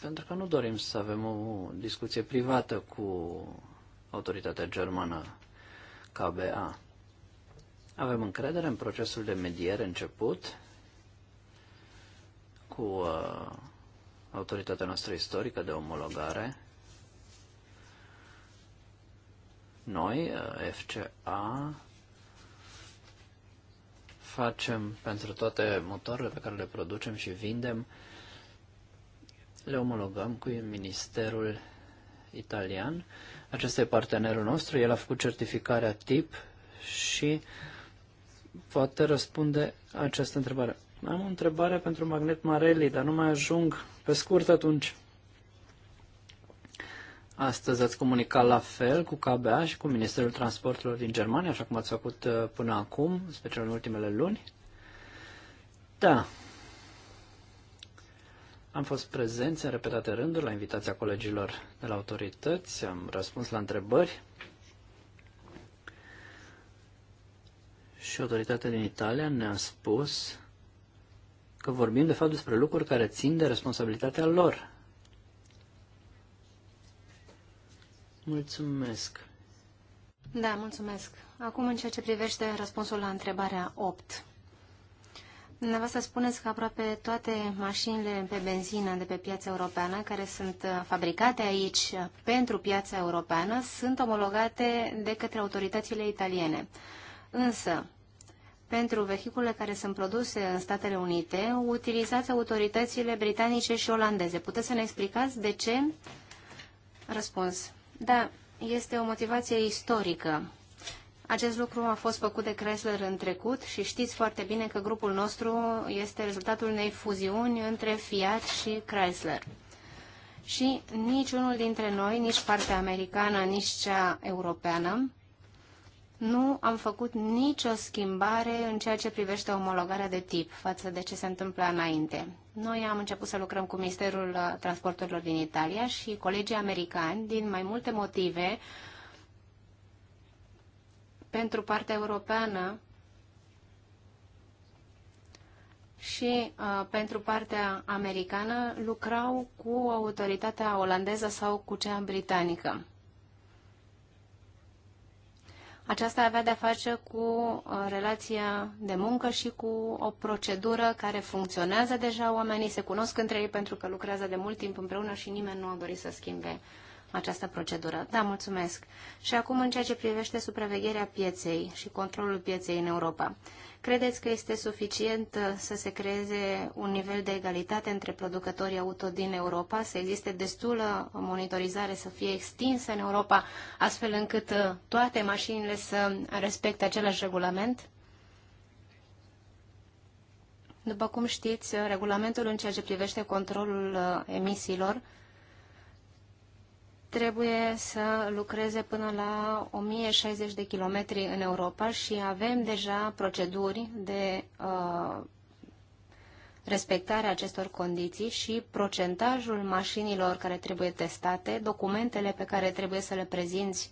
Speaker 3: pentru că nu dorim să avem o discuție privată cu autoritatea germană KBA. Avem încredere în procesul de mediere început cu uh, autoritatea noastră istorică de omologare. Noi, uh, FCA, facem pentru toate motoarele pe care le producem și vindem, le omologăm cu Ministerul Italian. Acesta e partenerul nostru, el a făcut certificarea tip și uh, poate răspunde această întrebare. Am o întrebare pentru Magnet Marelli, dar nu mai ajung pe scurt atunci. Astăzi ați comunicat la fel cu KBA și cu Ministerul Transporturilor din Germania, așa cum ați făcut uh, până acum, special în ultimele luni. Da. Am fost prezenți în repetate rânduri la invitația colegilor de la autorități, am răspuns la întrebări. și autoritatea din Italia ne-a spus că vorbim de fapt despre lucruri care țin de responsabilitatea lor. Mulțumesc.
Speaker 1: Da, mulțumesc. Acum în ceea ce privește răspunsul la întrebarea 8. Dumneavoastră spuneți că aproape toate mașinile pe benzină de pe piața europeană, care sunt fabricate aici pentru piața europeană, sunt omologate de către autoritățile italiene. Însă, pentru vehicule care sunt produse în Statele Unite, utilizați autoritățile britanice și olandeze. Puteți să ne explicați de ce? Răspuns. Da, este o motivație istorică. Acest lucru a fost făcut de Chrysler în trecut și știți foarte bine că grupul nostru este rezultatul unei fuziuni între Fiat și Chrysler. Și niciunul dintre noi, nici partea americană, nici cea europeană, nu am făcut nicio schimbare în ceea ce privește omologarea de tip față de ce se întâmplă înainte. Noi am început să lucrăm cu Ministerul uh, Transporturilor din Italia și colegii americani, din mai multe motive, pentru partea europeană și uh, pentru partea americană lucrau cu autoritatea olandeză sau cu cea britanică. Aceasta avea de-a face cu uh, relația de muncă și cu o procedură care funcționează deja. Oamenii se cunosc între ei pentru că lucrează de mult timp împreună și nimeni nu a dorit să schimbe această procedură. Da, mulțumesc. Și acum în ceea ce privește supravegherea pieței și controlul pieței în Europa. Credeți că este suficient uh, să se creeze un nivel de egalitate între producătorii auto din Europa, să existe destulă monitorizare să fie extinsă în Europa, astfel încât uh, toate mașinile să respecte același regulament? După cum știți, uh, regulamentul în ceea ce privește controlul emisiilor trebuie să lucreze până la 1060 de kilometri în Europa și avem deja proceduri de uh, a acestor condiții și procentajul mașinilor care trebuie testate, documentele pe care trebuie să le prezinți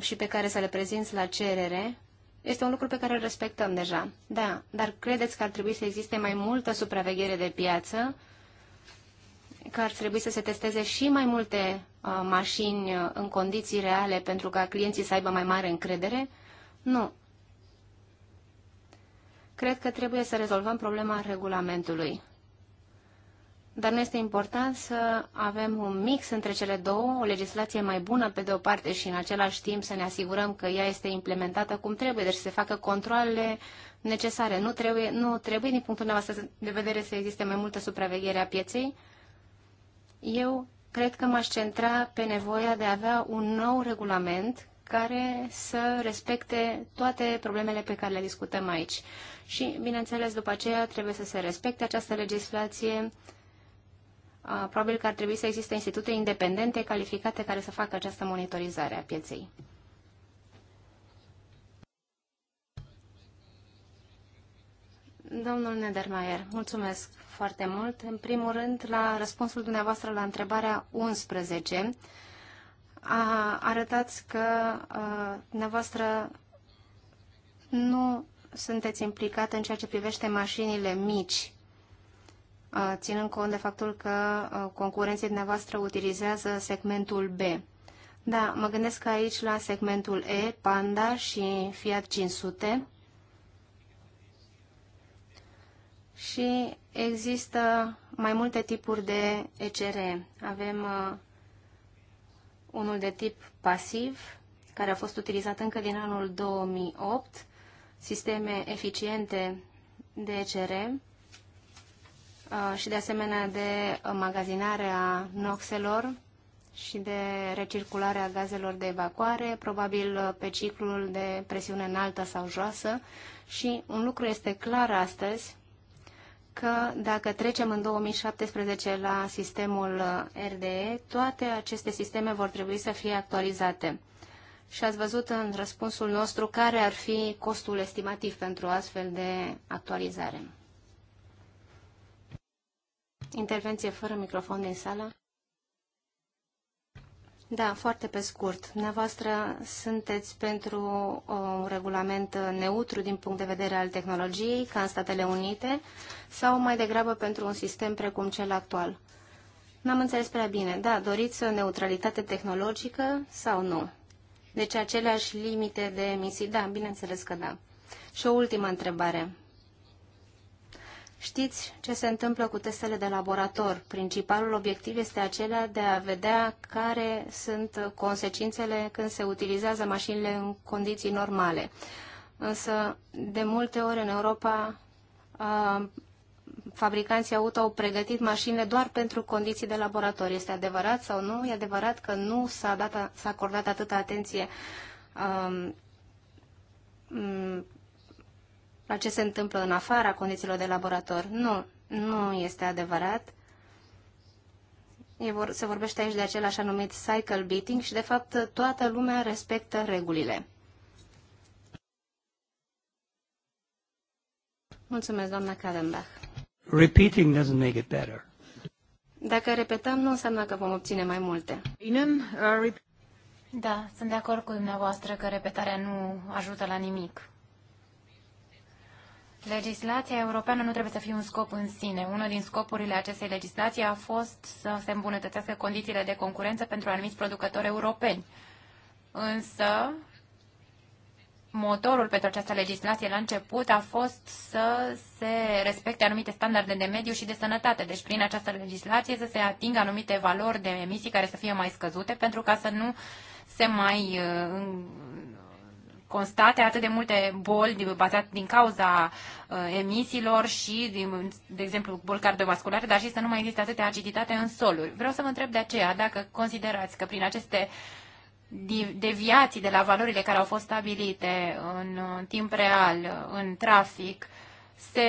Speaker 1: și pe care să le prezinți la cerere, este un lucru pe care îl respectăm deja. Da, dar credeți că ar trebui să existe mai multă supraveghere de piață că ar trebui să se testeze și mai multe uh, mașini uh, în condiții reale pentru ca clienții să aibă mai mare încredere? Nu. Cred că trebuie să rezolvăm problema regulamentului. Dar nu este important să avem un mix între cele două, o legislație mai bună pe de o parte și în același timp să ne asigurăm că ea este implementată cum trebuie, deci să se facă controlele necesare. Nu trebuie, nu trebuie din punctul nostru de vedere, să existe mai multă supraveghere a pieței, eu cred că m-aș centra pe nevoia de a avea un nou regulament care să respecte toate problemele pe care le discutăm aici. Și, bineînțeles, după aceea trebuie să se respecte această legislație. Probabil că ar trebui să existe institute independente calificate care să facă această monitorizare a pieței. Domnul Nedermayer, mulțumesc foarte mult. În primul rând, la răspunsul dumneavoastră la întrebarea 11, a, arătați că a, dumneavoastră nu sunteți implicat în ceea ce privește mașinile mici, a, ținând cont de faptul că concurenții dumneavoastră utilizează segmentul B. Da, mă gândesc aici la segmentul E, Panda și Fiat 500, și există mai multe tipuri de ECR. Avem uh, unul de tip pasiv, care a fost utilizat încă din anul 2008, sisteme eficiente de ECR uh, și de asemenea de magazinare a noxelor și de recirculare a gazelor de evacuare, probabil uh, pe ciclul de presiune înaltă sau joasă. Și un lucru este clar astăzi, că dacă trecem în 2017 la sistemul uh, RDE, toate aceste sisteme vor trebui să fie actualizate. Și ați văzut în răspunsul nostru care ar fi costul estimativ pentru astfel de actualizare. Intervenție fără microfon din sală. Da, foarte pe scurt. Dumneavoastră sunteți pentru uh, un regulament neutru din punct de vedere al tehnologiei, ca în Statele Unite, sau mai degrabă pentru un sistem precum cel actual? N-am înțeles prea bine. Da, doriți o neutralitate tehnologică sau nu? Deci aceleași limite de emisii? Da, bineînțeles că da. Și o ultimă întrebare. Știți ce se întâmplă cu testele de laborator. Principalul obiectiv este acela de a vedea care sunt consecințele când se utilizează mașinile în condiții normale. Însă, de multe ori în Europa, fabricanții auto au pregătit mașinile doar pentru condiții de laborator. Este adevărat sau nu? E adevărat că nu s-a, dat, s-a acordat atâta atenție la ce se întâmplă în afara condițiilor de laborator. Nu, nu este adevărat. E vor, se vorbește aici de acel așa numit cycle beating și, de fapt, toată lumea respectă regulile. Mulțumesc, doamna Kallenbach.
Speaker 3: Repeating doesn't make it better.
Speaker 1: Dacă repetăm, nu înseamnă că vom obține mai multe. Uh, da, sunt de acord cu
Speaker 2: dumneavoastră că repetarea nu ajută la nimic. Legislația europeană nu trebuie să fie un scop în sine. Unul din scopurile acestei legislații a fost să se îmbunătățească condițiile de concurență pentru anumiți producători europeni. Însă, motorul pentru această legislație la început a fost să se respecte anumite standarde de mediu și de sănătate. Deci, prin această legislație să se atingă anumite valori de emisii care să fie mai scăzute pentru ca să nu se mai uh, constate atât de multe boli bazate din cauza uh, emisiilor și, din, de exemplu, boli cardiovasculare, dar și să nu mai există atâtea aciditate în soluri. Vreau să vă întreb de aceea dacă considerați că prin aceste deviații de la valorile care au fost stabilite în uh, timp real, uh, în trafic, se,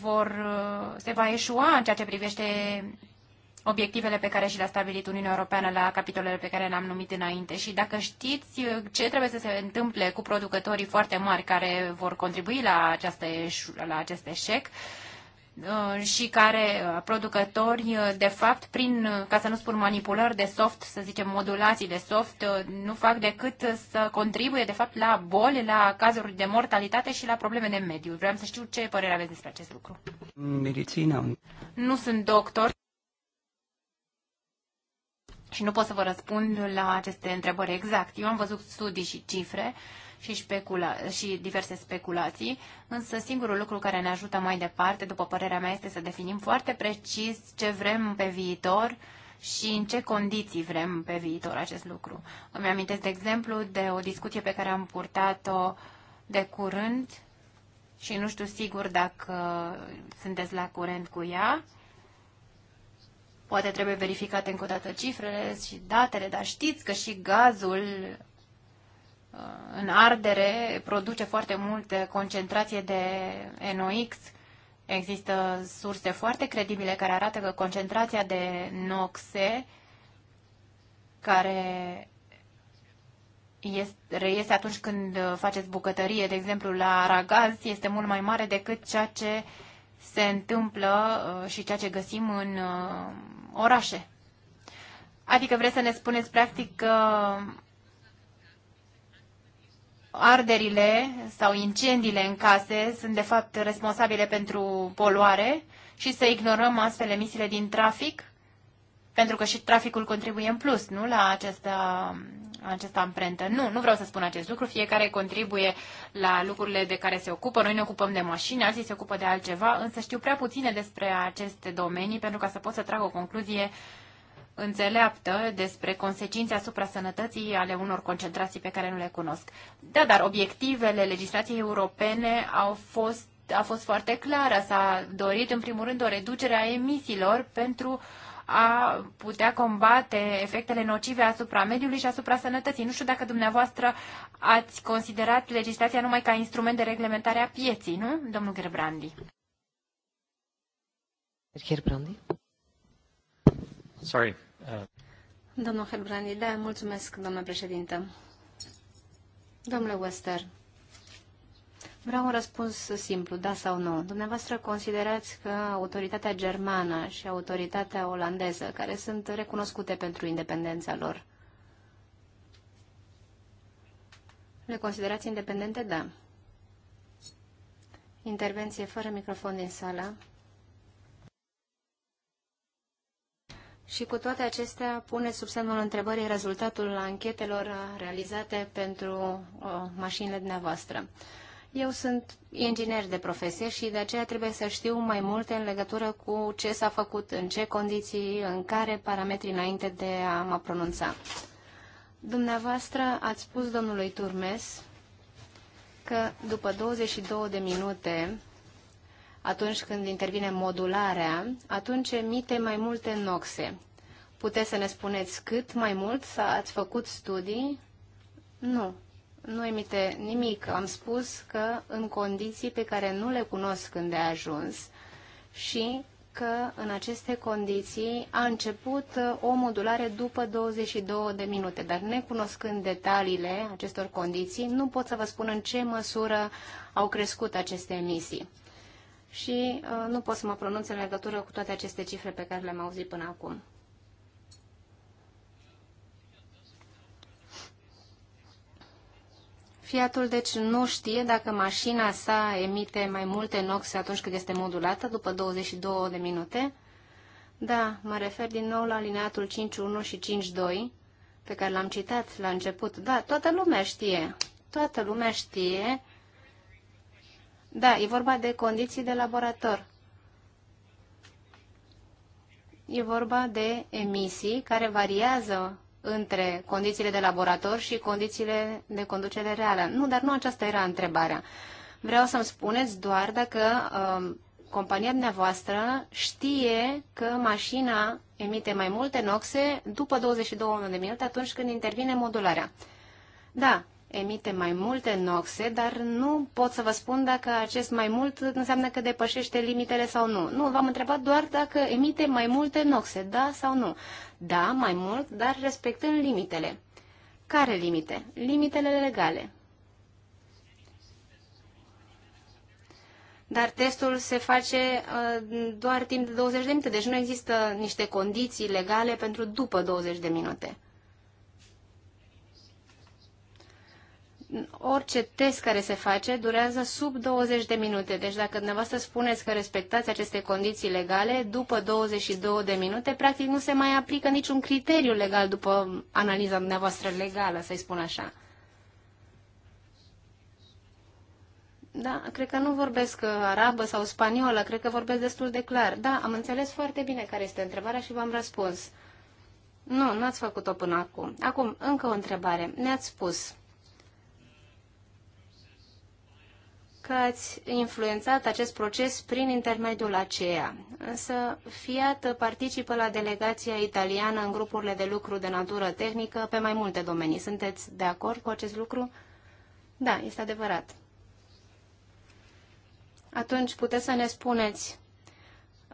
Speaker 2: vor, se va eșua în ceea ce privește obiectivele pe care și le-a stabilit Uniunea Europeană la capitolele pe care le-am numit înainte și dacă știți ce trebuie să se întâmple cu producătorii foarte mari care vor contribui la, această, la acest eșec, uh, și care uh, producători, uh, de fapt, prin, ca să nu spun manipulări de soft, să zicem modulații de soft, nu fac decât să contribuie, de fapt, la boli, la cazuri de mortalitate și la probleme de mediu. Vreau să știu ce părere aveți despre acest lucru.
Speaker 3: Medicina.
Speaker 2: Nu sunt doctor, și nu pot să vă răspund la aceste întrebări exact. Eu am văzut studii și cifre și, specula- și diverse speculații, însă singurul lucru care ne ajută mai departe, după părerea mea, este să definim foarte precis ce vrem pe viitor și în ce condiții vrem pe viitor acest lucru. Îmi amintesc, de exemplu, de o discuție pe care am purtat-o de curând și nu știu sigur dacă sunteți la curent cu ea, Poate trebuie verificate încă o dată cifrele și datele, dar știți că și gazul uh, în ardere produce foarte multe concentrație de NOx. Există surse foarte credibile care arată că concentrația de noxe care reiese atunci când faceți bucătărie, de exemplu la aragaz, este mult mai mare decât ceea ce uh, se întâmplă uh, și ceea ce găsim în uh, orașe. Adică vreți să ne spuneți practic că arderile sau incendiile în case sunt de fapt responsabile pentru poluare și să ignorăm astfel emisiile din trafic? Pentru că și traficul contribuie în plus, nu, la această, această amprentă. Nu, nu vreau să spun acest lucru. Fiecare contribuie la lucrurile de care se ocupă. Noi ne ocupăm de mașini, alții se ocupă de altceva, însă știu prea puține despre aceste domenii pentru ca să pot să trag o concluzie înțeleaptă despre consecințe asupra sănătății ale unor concentrații pe care nu le cunosc. Da, dar obiectivele legislației europene au fost, a fost foarte clară. S-a dorit, în primul rând, o reducere a emisiilor pentru a putea combate efectele nocive asupra mediului și asupra sănătății. Nu știu dacă dumneavoastră ați considerat legislația numai ca instrument de reglementare a pieții, nu, domnul Gerbrandi?
Speaker 1: Gerbrandi? Sorry. Domnul Herbrandi, da, mulțumesc, domnule președinte. Domnule Wester, Vreau un răspuns simplu, da sau nu. Dumneavoastră considerați că autoritatea germană și autoritatea olandeză, care sunt recunoscute pentru independența lor, le considerați independente? Da. Intervenție fără microfon din sală. Și cu toate acestea, pune sub semnul întrebării rezultatul anchetelor realizate pentru uh, mașinile dumneavoastră. Eu sunt inginer de profesie și de aceea trebuie să știu mai multe în legătură cu ce s-a făcut, în ce condiții, în care parametri înainte de a mă pronunța. Dumneavoastră ați spus domnului Turmes că după 22 de minute, atunci când intervine modularea, atunci emite mai multe noxe. Puteți să ne spuneți cât mai mult? Ați făcut studii? Nu nu emite nimic. Am spus că în condiții pe care nu le cunosc când de ajuns și că în aceste condiții a început uh, o modulare după 22 de minute, dar necunoscând detaliile acestor condiții, nu pot să vă spun în ce măsură au crescut aceste emisii. Și uh, nu pot să mă pronunț în legătură cu toate aceste cifre pe care le-am auzit până acum. Fiatul deci nu știe dacă mașina sa emite mai multe noxe atunci când este modulată, după 22 de minute. Da, mă refer din nou la alineatul 5.1 și 5.2, pe care l-am citat la început. Da, toată lumea știe. Toată lumea știe. Da, e vorba de condiții de laborator. E vorba de emisii care variază între condițiile de laborator și condițiile de conducere reală. Nu, dar nu aceasta era întrebarea. Vreau să-mi spuneți doar dacă uh, compania dumneavoastră știe că mașina emite mai multe noxe după 22 de minute atunci când intervine modularea. Da, emite mai multe noxe, dar nu pot să vă spun dacă acest mai mult înseamnă că depășește limitele sau nu. Nu, v-am întrebat doar dacă emite mai multe noxe, da sau nu. Da, mai mult, dar respectând limitele. Care limite? Limitele legale. Dar testul se face uh, doar timp de 20 de minute, deci nu există niște condiții legale pentru după 20 de minute. orice test care se face durează sub 20 de minute. Deci dacă dumneavoastră spuneți că respectați aceste condiții legale, după 22 de minute, practic nu se mai aplică niciun criteriu legal după analiza dumneavoastră legală, să-i spun așa. Da, cred că nu vorbesc uh, arabă sau spaniolă, cred că vorbesc destul de clar. Da, am înțeles foarte bine care este întrebarea și v-am răspuns. Nu, nu ați făcut-o până acum. Acum, încă o întrebare. Ne-ați spus că ați influențat acest proces prin intermediul aceea. Însă Fiat participă la delegația italiană în grupurile de lucru de natură tehnică pe mai multe domenii. Sunteți de acord cu acest lucru? Da, este adevărat. Atunci puteți să ne spuneți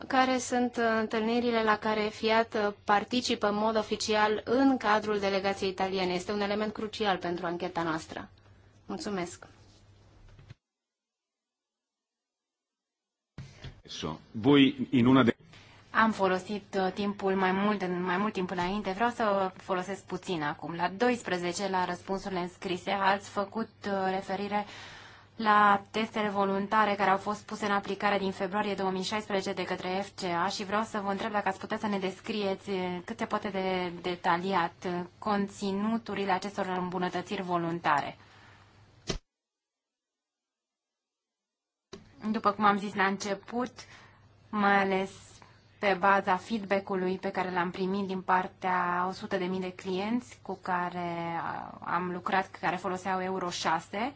Speaker 1: care sunt întâlnirile la care Fiat participă în mod oficial în cadrul delegației italiene. Este un element crucial pentru ancheta noastră. Mulțumesc! Voi, în una de...
Speaker 2: Am folosit uh, timpul mai mult, mai mult timp înainte, vreau să folosesc puțin acum. La 12, la răspunsurile înscrise, ați făcut uh, referire la testele voluntare care au fost puse în aplicare din februarie 2016 de către FCA și vreau să vă întreb dacă ați putea să ne descrieți uh, cât se poate de detaliat conținuturile acestor îmbunătățiri voluntare. După cum am zis la început, mai ales pe baza feedback-ului pe care l-am primit din partea 100.000 de clienți cu care uh, am lucrat, care foloseau Euro 6,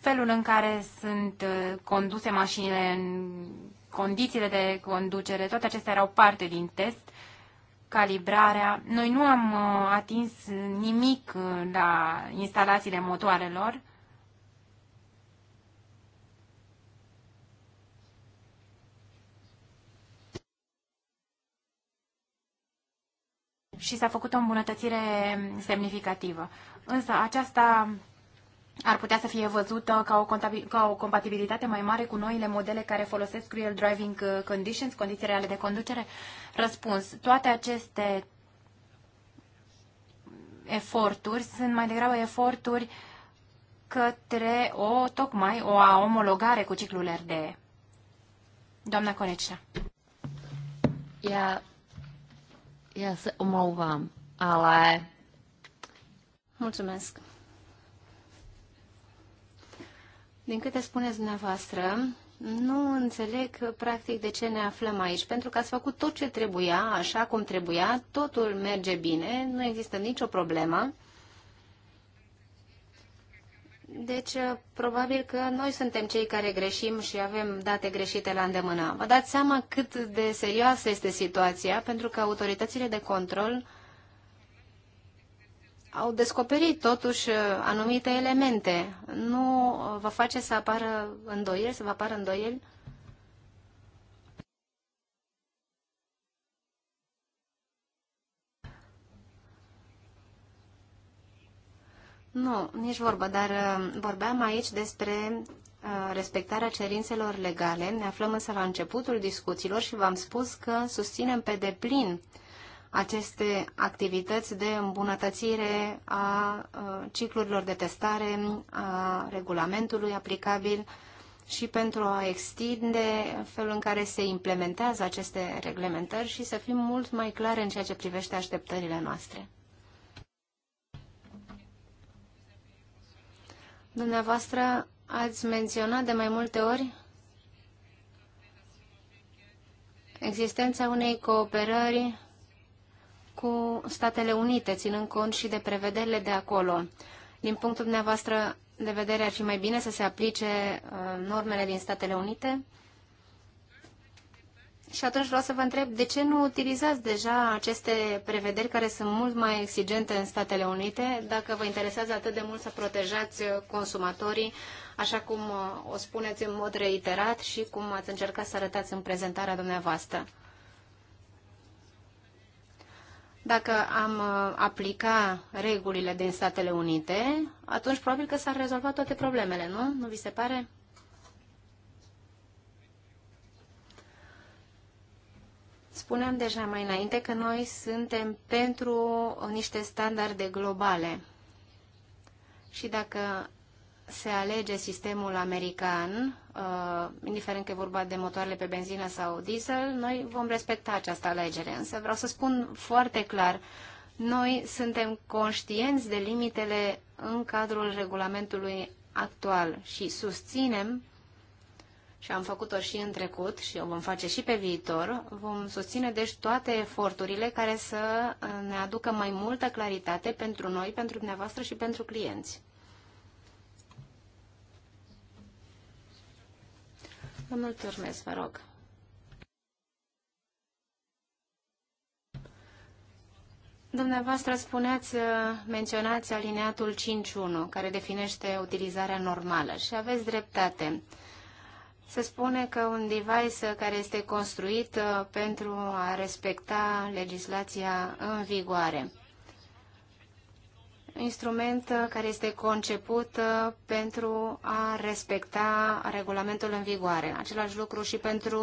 Speaker 2: felul în care sunt uh, conduse mașinile în condițiile de conducere, toate acestea erau parte din test, calibrarea. Noi nu am uh, atins nimic la instalațiile motoarelor, și s-a făcut o îmbunătățire semnificativă. Însă aceasta ar putea să fie văzută ca o, ca o compatibilitate mai mare cu noile modele care folosesc Real Driving uh, Conditions, condiții reale de conducere? Răspuns. Toate aceste eforturi sunt mai degrabă eforturi către o, tocmai, o a omologare cu ciclul RDE.
Speaker 1: Doamna Conecea. Yeah, Já se omlouvám, ale... Mulțumesc. Din câte spuneți dumneavoastră, nu înțeleg practic de ce ne aflăm aici, pentru că ați făcut tot ce trebuia, așa cum trebuia, totul merge bine, nu există nicio problemă. Deci, uh, probabil că noi suntem cei care greșim și avem date greșite la îndemână. Vă dați seama cât de serioasă este situația, pentru că autoritățile de control au descoperit totuși uh, anumite elemente. Nu uh, vă face să apară îndoieli, să vă apară îndoieli? Nu, nici vorbă, dar uh, vorbeam aici despre uh, respectarea cerințelor legale. Ne aflăm însă la începutul discuțiilor și v-am spus că susținem pe deplin aceste activități de îmbunătățire a uh, ciclurilor de testare, a regulamentului aplicabil și pentru a extinde felul în care se implementează aceste reglementări și să fim mult mai clare în ceea ce privește așteptările noastre. Dumneavoastră ați menționat de mai multe ori existența unei cooperări cu Statele Unite, ținând cont și de prevederile de acolo. Din punctul dumneavoastră de vedere, ar fi mai bine să se aplice uh, normele din Statele Unite? Și atunci vreau să vă întreb de ce nu utilizați deja aceste prevederi care sunt mult mai exigente în Statele Unite, dacă vă interesează atât de mult să protejați consumatorii, așa cum uh, o spuneți în mod reiterat și cum ați încercat să arătați în prezentarea dumneavoastră. Dacă am uh, aplica regulile din Statele Unite, atunci probabil că s-ar rezolva toate problemele, nu? Nu vi se pare? Spuneam deja mai înainte că noi suntem pentru niște standarde globale. Și dacă se alege sistemul american, uh, indiferent că e vorba de motoarele pe benzină sau diesel, noi vom respecta această alegere. Însă vreau să spun foarte clar, noi suntem conștienți de limitele în cadrul regulamentului actual și susținem uh, și am făcut-o și în trecut și o vom face și pe viitor, vom susține deci toate eforturile care să ne aducă mai multă claritate pentru noi, pentru dumneavoastră și pentru clienți. Domnul Turmes, vă rog. Dumneavoastră spuneați, uh, menționați alineatul 5.1, care definește utilizarea normală și aveți dreptate. Se spune că un device care este construit uh, pentru a respecta legislația în vigoare. Instrument uh, care este conceput uh, pentru a respecta regulamentul în vigoare. Același lucru și pentru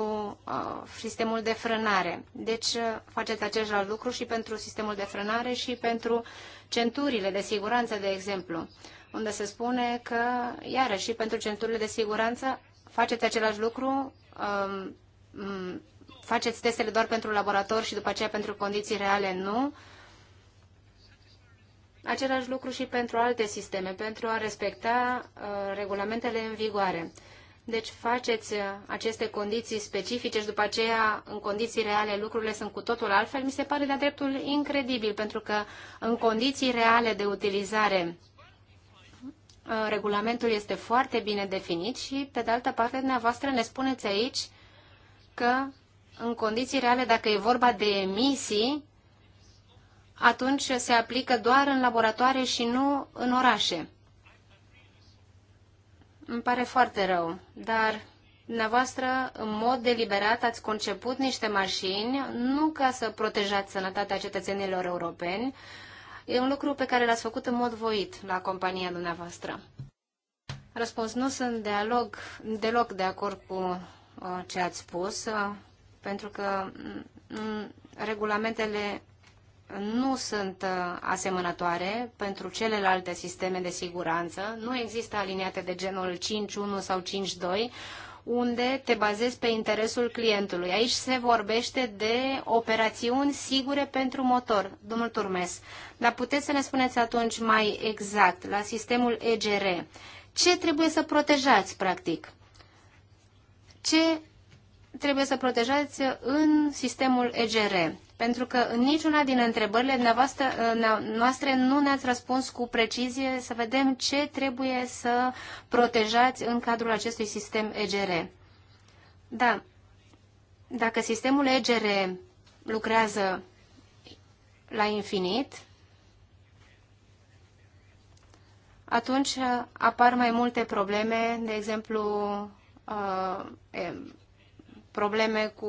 Speaker 1: sistemul de frânare. Deci faceți același lucru și pentru sistemul de frânare și pentru centurile de siguranță, de exemplu unde se spune că, iarăși, pentru centurile de siguranță faceți același lucru, um, faceți testele doar pentru laborator și după aceea pentru condiții reale nu. Același lucru și pentru alte sisteme, pentru a respecta uh, regulamentele în vigoare. Deci faceți uh, aceste condiții specifice și după aceea, în condiții reale, lucrurile sunt cu totul altfel. Mi se pare de-a dreptul incredibil, pentru că în condiții reale de utilizare Uh, regulamentul este foarte bine definit și, pe de altă parte, dumneavoastră ne spuneți aici că, în condiții reale, dacă e vorba de emisii, atunci se aplică doar în laboratoare și nu în orașe. Îmi pare foarte rău, dar dumneavoastră, în mod deliberat, ați conceput niște mașini nu ca să protejați sănătatea cetățenilor europeni, E un lucru pe care l-ați făcut în mod voit la compania dumneavoastră. Răspuns, nu sunt dialog, deloc de acord cu uh, ce ați spus, uh, pentru că mm, mm, regulamentele nu sunt uh, asemănătoare pentru celelalte sisteme de siguranță, nu există aliniate de genul 5.1 sau 5.2, unde te bazezi pe interesul clientului. Aici se vorbește de operațiuni sigure pentru motor, domnul Turmes. Dar puteți să ne spuneți atunci mai exact, la sistemul EGR, ce trebuie să protejați, practic? Ce trebuie să protejați în sistemul EGR, pentru că în niciuna din întrebările uh, noastre nu ne-ați răspuns cu precizie să vedem ce trebuie să protejați în cadrul acestui sistem EGR. Da, dacă sistemul EGR lucrează la infinit, atunci uh, apar mai multe probleme, de exemplu, uh, probleme cu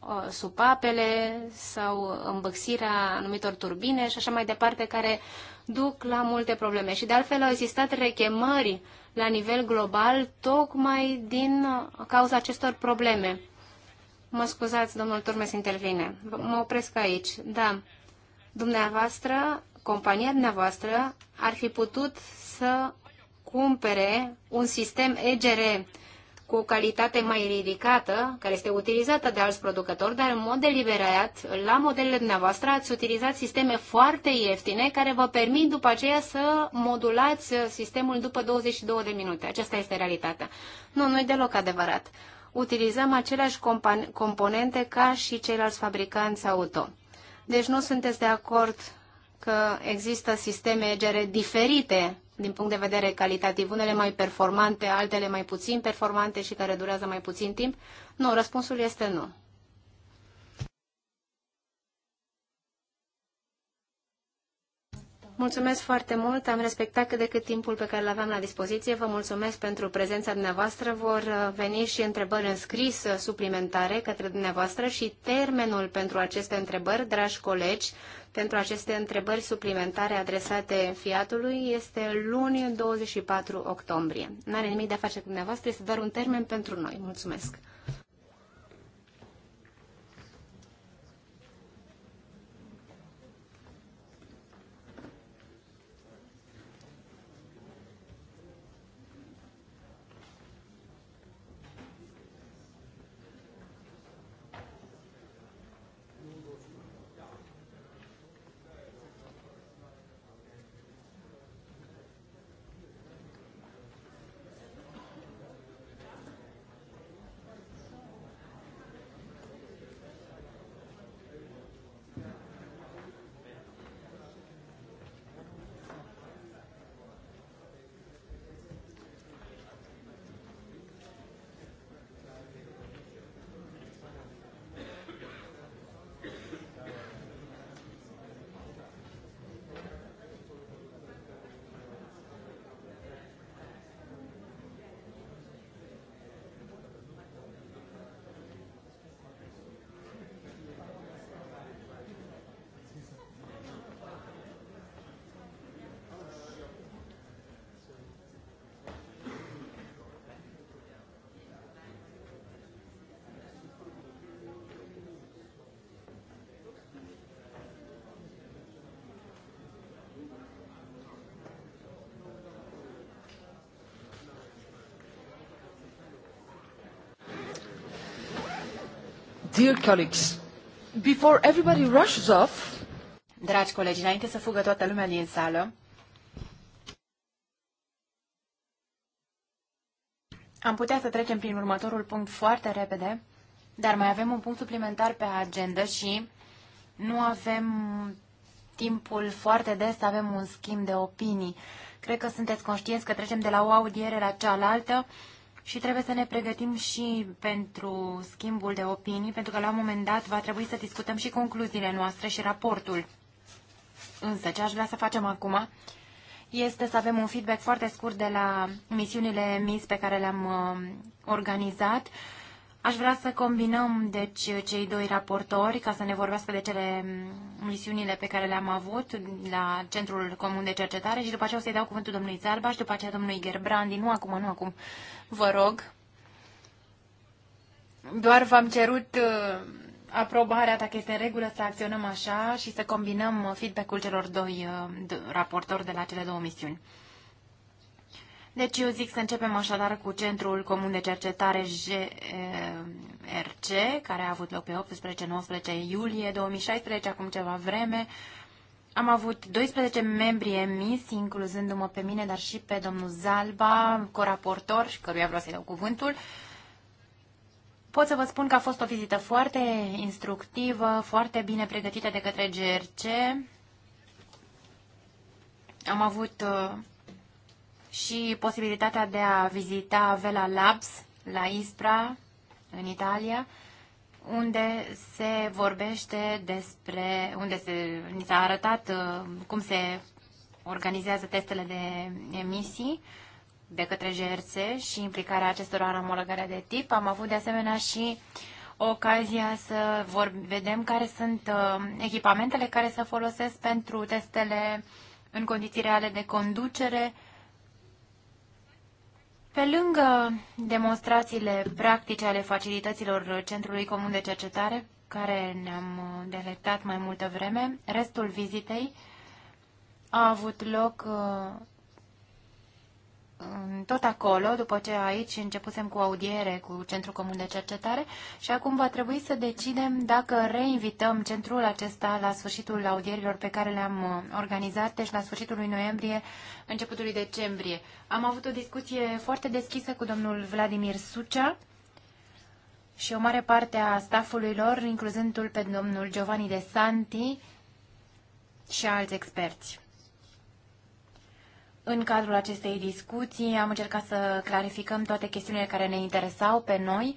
Speaker 1: uh, supapele sau îmbăxirea anumitor turbine și așa mai departe, care duc la multe probleme. Și de altfel au existat rechemări la nivel global tocmai din cauza acestor probleme. Mă scuzați, domnul Turmes intervine. Mă opresc aici. Da, dumneavoastră, compania dumneavoastră ar fi putut să cumpere un sistem EGR cu o calitate mai ridicată, care este utilizată de alți producători, dar în mod deliberat, la modelele dumneavoastră, ați utilizat sisteme foarte ieftine care vă permit după aceea să modulați sistemul după 22 de minute. Aceasta este realitatea. Nu, nu e deloc adevărat. Utilizăm aceleași componente ca și ceilalți fabricanți auto. Deci nu sunteți de acord că există sisteme EGR diferite din punct de vedere calitativ, unele mai performante, altele mai puțin performante și care durează mai puțin timp? Nu, răspunsul este nu. Mulțumesc foarte mult, am respectat cât de cât timpul pe care îl aveam la dispoziție. Vă mulțumesc pentru prezența dumneavoastră. Vor uh, veni și întrebări în scris uh, suplimentare către dumneavoastră și termenul pentru aceste întrebări, dragi colegi, pentru aceste întrebări suplimentare adresate Fiatului este luni 24 octombrie. N-are nimic de a face cu dumneavoastră, este doar un termen pentru noi. Mulțumesc!
Speaker 2: Dear colleagues, before everybody rushes off, Dragi colegi, înainte să fugă toată lumea din sală, am putea să trecem prin următorul punct foarte repede, dar mai avem un punct suplimentar pe agenda și nu avem timpul foarte des să avem un schimb de opinii. Cred că sunteți conștienți că trecem de la o audiere la cealaltă, și trebuie să ne pregătim și pentru schimbul de opinii, pentru că la un moment dat va trebui să discutăm și concluziile noastre și raportul. Însă, ce aș vrea să facem acum este să avem un feedback foarte scurt de la misiunile MIS pe care le-am uh, organizat Aș vrea să combinăm deci cei doi raportori ca să ne vorbească de cele misiunile pe care le-am avut la Centrul Comun de Cercetare și după aceea o să-i dau cuvântul domnului Zalba și după aceea domnului Gerbrandi. Nu acum, nu acum. Vă rog. Doar v-am cerut uh, aprobarea, dacă este în regulă, să acționăm așa și să combinăm uh, feedback-ul celor doi uh, raportori de la cele două misiuni. Deci eu zic să începem așadar cu Centrul Comun de Cercetare GRC, care a avut loc pe 18-19 iulie 2016, acum ceva vreme. Am avut 12 membri emis, incluzându-mă pe mine, dar și pe domnul Zalba, coraportor, și căruia vreau să-i dau cuvântul. Pot să vă spun că a fost o vizită foarte instructivă, foarte bine pregătită de către GRC. Am avut uh, și posibilitatea de a vizita Vela Labs la Ispra, în Italia, unde se vorbește despre, unde se, ni s-a arătat uh, cum se organizează testele de emisii de către GRC și implicarea acestor în omologarea de tip. Am avut de asemenea și ocazia să vor, vedem care sunt uh, echipamentele care se folosesc pentru testele în condiții reale de conducere pe lângă demonstrațiile practice ale facilităților Centrului Comun de Cercetare, care ne-am uh, delectat mai multă vreme, restul vizitei a avut loc uh, tot acolo, după ce aici începusem cu audiere cu Centrul Comun de Cercetare și acum va trebui să decidem dacă reinvităm centrul acesta la sfârșitul audierilor pe care le-am uh, organizat, deci la sfârșitul lui noiembrie, începutul decembrie. Am avut o discuție foarte deschisă cu domnul Vladimir Sucea și o mare parte a staffului lor, incluzându-l pe domnul Giovanni De Santi și alți experți. În cadrul acestei discuții am încercat să clarificăm toate chestiunile care ne interesau pe noi,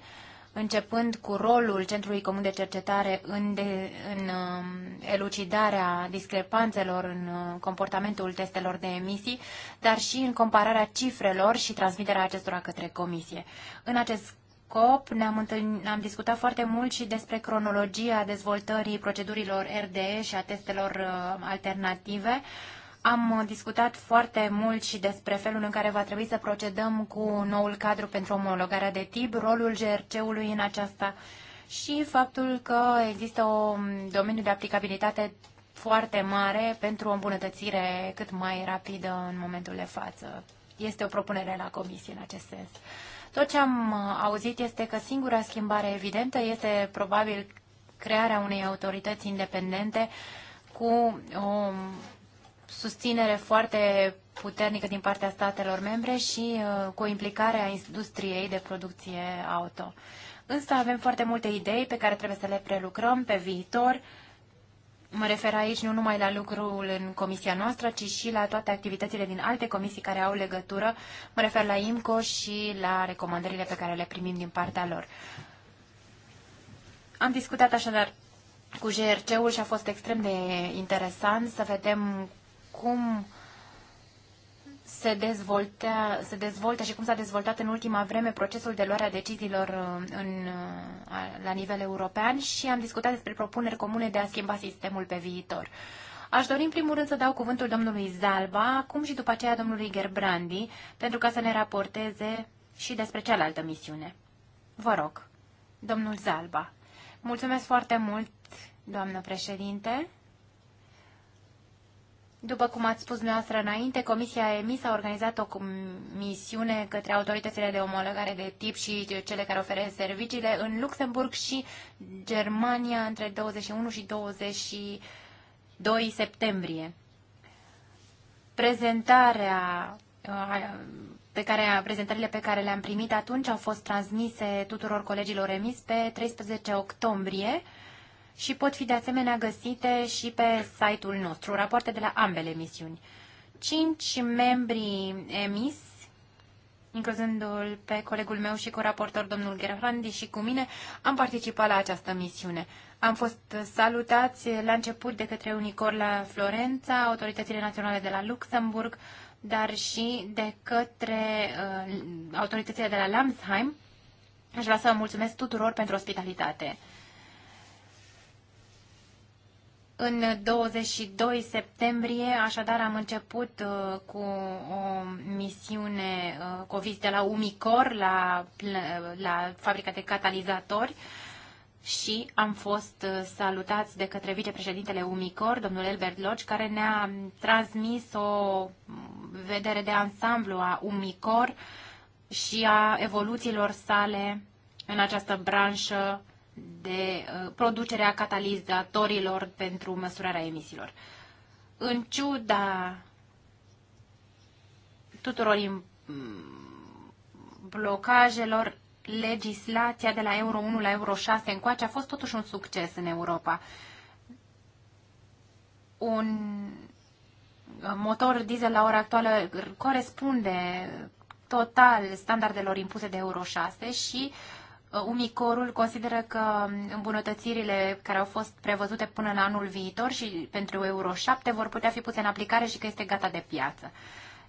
Speaker 2: începând cu rolul Centrului Comun de Cercetare în, de, în um, elucidarea discrepanțelor în uh, comportamentul testelor de emisii, dar și în compararea cifrelor și transmiterea acestora către Comisie. În acest scop ne-am, întâln- am discutat foarte mult și despre cronologia dezvoltării procedurilor RDE și a testelor uh, alternative, uh, am uh, discutat foarte mult și despre felul în care va trebui să procedăm cu noul cadru pentru omologarea de tip, rolul GRC-ului în aceasta și faptul că există un um, domeniu de aplicabilitate foarte mare pentru o îmbunătățire cât mai rapidă în momentul de față. Este o propunere la comisie în acest sens. Tot ce am uh, auzit este că singura schimbare evidentă este probabil crearea unei autorități independente cu o um, susținere foarte puternică din partea statelor membre și uh, cu o implicare a industriei de producție auto. Însă avem foarte multe idei pe care trebuie să le prelucrăm pe viitor. Mă refer aici nu numai la lucrul în comisia noastră, ci și la toate activitățile din alte comisii care au legătură. Mă refer la IMCO și la recomandările pe care le primim din partea lor. Am discutat așadar cu GRC-ul și a fost extrem de interesant să vedem cum se, dezvoltea, se dezvoltă și cum s-a dezvoltat în ultima vreme procesul de luare a deciziilor uh, în, uh, la nivel european și am discutat despre propuneri comune de a schimba sistemul pe viitor. Aș dori în primul rând să dau cuvântul domnului Zalba, acum și după aceea domnului Gerbrandi, pentru ca să ne raporteze și despre cealaltă misiune. Vă rog, domnul Zalba. Mulțumesc foarte mult, doamnă președinte. După cum ați spus dumneavoastră înainte, Comisia EMIS a organizat o misiune către autoritățile de omologare de tip și cele care oferă serviciile în Luxemburg și Germania între 21 și 22 septembrie. Prezentarea uh, pe care, prezentările pe care le-am primit atunci au fost transmise tuturor colegilor emis pe 13 octombrie și pot fi de asemenea găsite și pe site-ul nostru, rapoarte de la ambele misiuni. Cinci membri emis, incluzându-l pe colegul meu și cu raportor domnul Gerhandi și cu mine, am participat la această misiune. Am fost salutați la început de către Unicor la Florența, autoritățile naționale de la Luxemburg, dar și de către uh, autoritățile de la Lamsheim. Aș vrea să mulțumesc tuturor pentru ospitalitate. În 22 septembrie, așadar, am început uh, cu o misiune, uh, cu o vizită la Umicor, la, la fabrica de catalizatori și am fost uh, salutați de către vicepreședintele Umicor, domnul Elbert Lodge, care ne-a transmis o vedere de ansamblu a Umicor și a evoluțiilor sale în această branșă de uh, producerea catalizatorilor pentru măsurarea emisiilor. În ciuda tuturor blocajelor, legislația de la Euro 1 la Euro 6 încoace a fost totuși un succes în Europa. Un uh, motor diesel la ora actuală corespunde total standardelor impuse de Euro 6 și uh, Umicorul uh, consideră că îmbunătățirile care au fost prevăzute până în anul viitor și pentru Euro 7 vor putea fi puse în aplicare și că este gata de piață.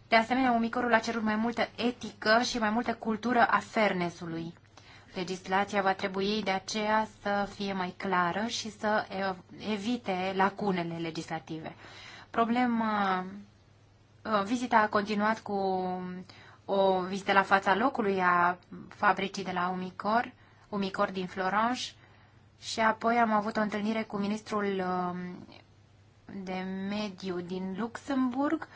Speaker 2: De asemenea, Umicorul a cerut mai multă etică și mai multă cultură a fernesului. Legislația va trebui de aceea să fie mai clară și să evite lacunele legislative. Problema, uh, vizita a continuat cu o vizită la fața locului a fabricii de la Umicor, Umicor din Florange, și apoi am avut o întâlnire cu ministrul um, de mediu din Luxemburg,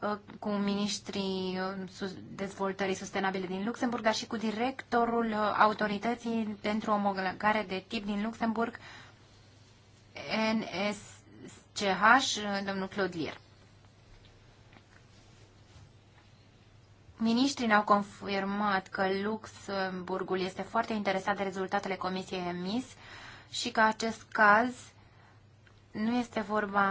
Speaker 2: uh, cu ministrii uh, dezvoltării sustenabile din Luxemburg, dar și cu directorul uh, autorității pentru omologare de tip din Luxemburg, NSCH, domnul Claude Lier. Ministrii ne-au confirmat că Luxemburgul este foarte interesat de rezultatele Comisiei EMIS și că acest caz nu este vorba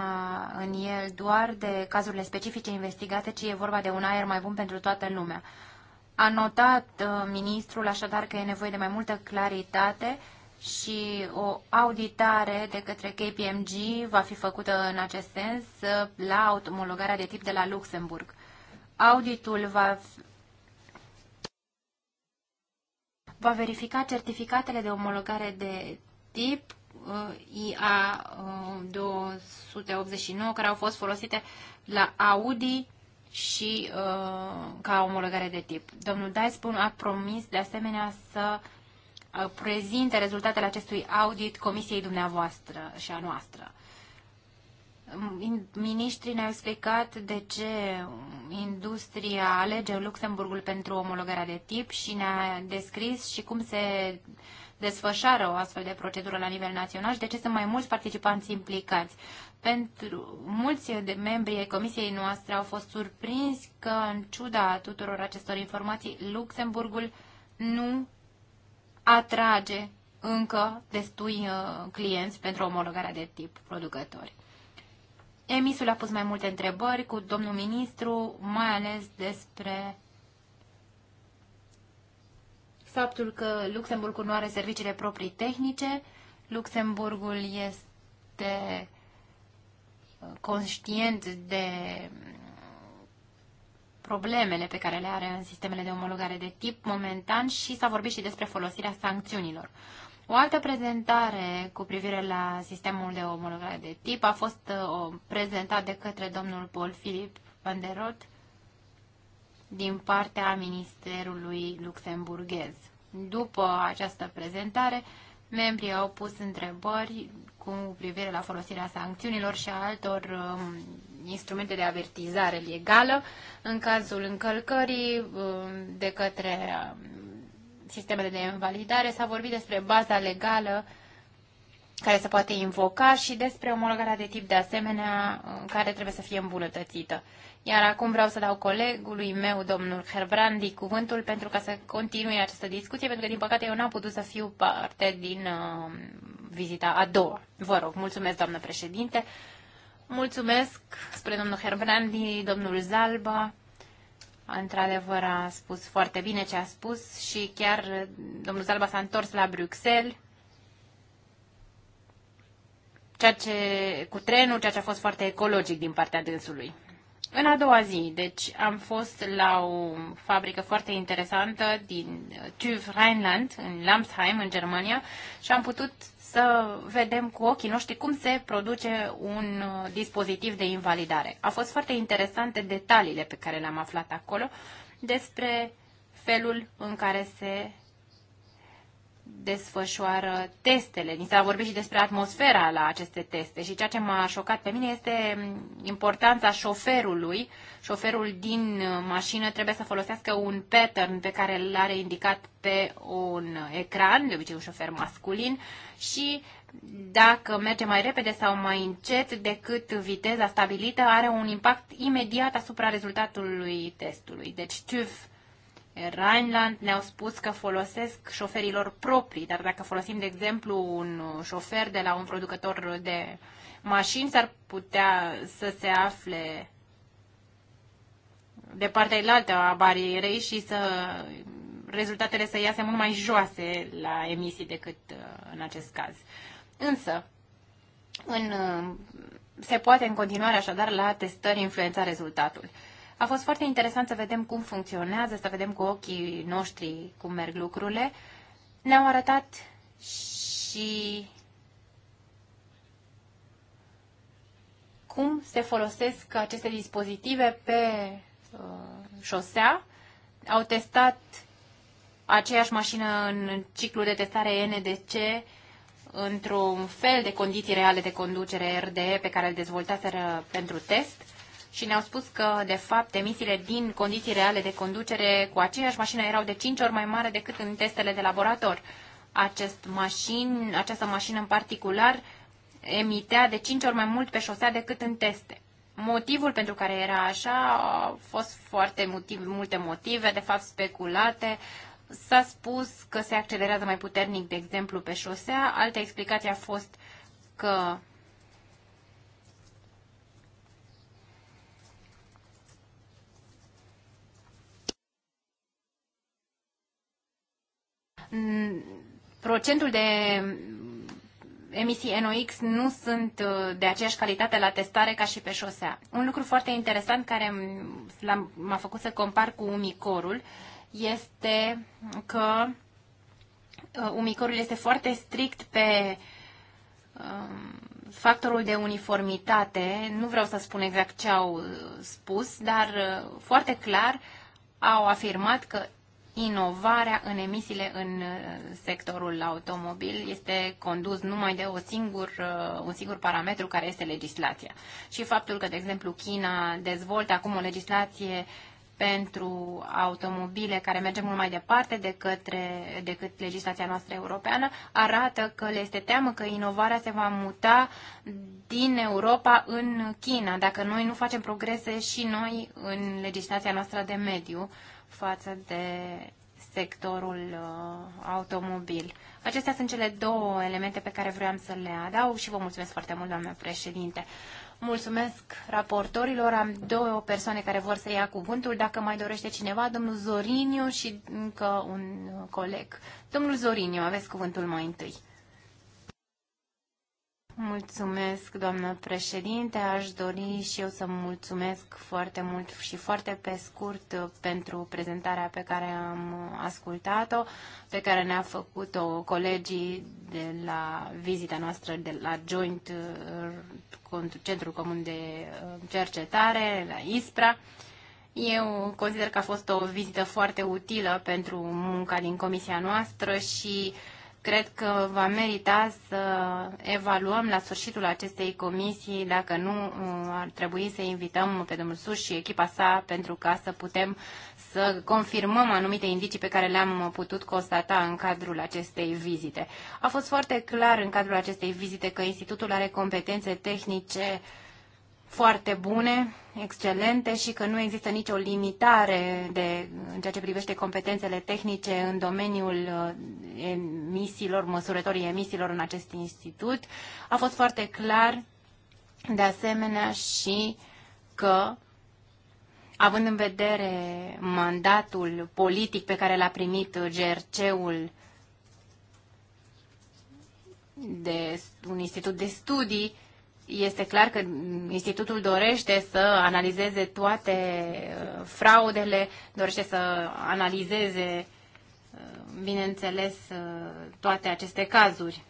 Speaker 2: în el doar de cazurile specifice investigate, ci e vorba de un aer mai bun pentru toată lumea. A notat uh, ministrul așadar că e nevoie de mai multă claritate și o auditare de către KPMG va fi făcută în acest sens uh, la omologarea de tip de la Luxemburg. Auditul va, va verifica certificatele de omologare de tip uh, IA 289 uh, care au fost folosite la Audi și uh, ca omologare de tip. Domnul Daispun a promis de asemenea să uh, prezinte rezultatele acestui audit comisiei dumneavoastră și a noastră. Ministrii ne-au explicat de ce industria alege Luxemburgul pentru omologarea de tip și ne-a descris și cum se desfășoară o astfel de procedură la nivel național și de ce sunt mai mulți participanți implicați. Pentru mulți de membrii comisiei noastre au fost surprinși că, în ciuda tuturor acestor informații, Luxemburgul nu atrage încă destui uh, clienți pentru omologarea de tip producători. Emisul a pus mai multe întrebări cu domnul ministru, mai ales despre faptul că Luxemburgul nu are serviciile proprii tehnice, Luxemburgul este uh, conștient de mm, problemele pe care le are în sistemele de omologare de tip momentan și s-a vorbit și despre folosirea sancțiunilor. O altă prezentare cu privire la sistemul de omologare de tip a fost uh, prezentată de către domnul Paul Philip van der Roth din partea Ministerului Luxemburghez. După această prezentare, membrii au pus întrebări cu privire la folosirea sancțiunilor și a altor um, instrumente de avertizare legală în cazul încălcării um, de către um, sistemele de invalidare, s-a vorbit despre baza legală care se poate invoca și despre omologarea de tip de asemenea uh, care trebuie să fie îmbunătățită. Iar acum vreau să dau colegului meu, domnul Herbrandi, cuvântul pentru ca să continue această discuție, pentru că, din păcate, eu n-am putut să fiu parte din uh, vizita a doua. Vă rog, mulțumesc, doamnă președinte. Mulțumesc spre domnul Herbrandi, domnul Zalba, Într-adevăr, a spus foarte bine ce a spus și chiar eh, domnul Zalba s-a întors la Bruxelles, ceea ce, cu trenul, ceea ce a fost foarte ecologic din partea dânsului. În a doua zi, deci, am fost la o fabrică foarte interesantă din uh, TÜV Rheinland, în Lamsheim, în Germania, și am putut să vedem cu ochii noștri cum se produce un uh, dispozitiv de invalidare. A fost foarte interesante detaliile pe care le-am aflat acolo despre felul în care se desfășoară testele. Ni s-a vorbit și despre atmosfera la aceste teste și ceea ce m-a șocat pe mine este importanța șoferului. Șoferul din mașină trebuie să folosească un pattern pe care îl are indicat pe un ecran, de obicei un șofer masculin, și dacă merge mai repede sau mai încet decât viteza stabilită, are un impact imediat asupra rezultatului testului. Deci tuf, Rheinland ne-au spus că folosesc șoferilor proprii, dar dacă folosim, de exemplu, un șofer de la un producător de mașini, s-ar putea să se afle de partea altă a barierei și să rezultatele să iasă mult mai joase la emisii decât uh, în acest caz. Însă, în, uh, se poate în continuare așadar la testări influența rezultatul. A fost foarte interesant să vedem cum funcționează, să vedem cu ochii noștri cum merg lucrurile. Ne-au arătat și cum se folosesc aceste dispozitive pe uh, șosea. Au testat aceeași mașină în ciclu de testare NDC într-un fel de condiții reale de conducere RDE pe care îl dezvoltaseră pentru test și ne-au spus că, de fapt, emisiile din condiții reale de conducere cu aceeași mașină erau de 5 ori mai mare decât în testele de laborator. Acest mașin, această mașină în particular emitea de 5 ori mai mult pe șosea decât în teste. Motivul pentru care era așa a fost foarte motiv, multe motive, de fapt speculate. S-a spus că se accelerează mai puternic, de exemplu, pe șosea. Alta explicație a fost că procentul de emisii NOx nu sunt uh, de aceeași calitate la testare ca și pe șosea. Un lucru foarte interesant care m-a făcut să compar cu umicorul este că uh, umicorul este foarte strict pe um, factorul de uniformitate. Nu vreau să spun exact ce au uh, spus, dar foarte clar au afirmat că inovarea în emisiile în uh, sectorul automobil este condus numai de o singur, uh, un singur parametru care este legislația. Și faptul că, de exemplu, China dezvoltă acum o legislație pentru automobile care merge mult mai departe de către, decât legislația noastră europeană, arată că le este teamă că inovarea se va muta din Europa în China, dacă noi nu facem progrese și noi în legislația noastră de mediu față de sectorul uh, automobil. Acestea sunt cele două elemente pe care vreau să le adaug și vă mulțumesc foarte mult, doamnă președinte. Mulțumesc raportorilor. Am două persoane care vor să ia cuvântul. Dacă mai dorește cineva, domnul Zoriniu și încă un coleg. Domnul Zoriniu, aveți cuvântul mai întâi. Mulțumesc, doamnă președinte. Aș dori și eu să mulțumesc foarte mult și foarte pe scurt uh, pentru prezentarea pe care am uh, ascultat-o, pe care ne-a făcut-o colegii de la vizita noastră de la Joint uh, Centrul Comun de Cercetare, la ISPRA. Eu consider că a fost o vizită foarte utilă pentru munca din comisia noastră și uh, cred că va merita să evaluăm la sfârșitul acestei comisii dacă nu uh, ar trebui să invităm pe domnul Sus și echipa sa pentru ca să putem să confirmăm anumite indicii pe care le-am putut constata în cadrul acestei vizite. A fost foarte clar în cadrul acestei vizite că Institutul are competențe tehnice uh, foarte bune, excelente și că nu există nicio limitare de, în ceea ce privește competențele tehnice în domeniul uh, emisiilor, măsurătorii emisiilor în acest institut. A fost foarte clar, de asemenea, și că având în vedere mandatul politic pe care l-a primit GRC-ul de un institut de studii, este clar că institutul dorește să analizeze toate uh, fraudele, dorește să analizeze, uh, bineînțeles, uh, toate aceste cazuri.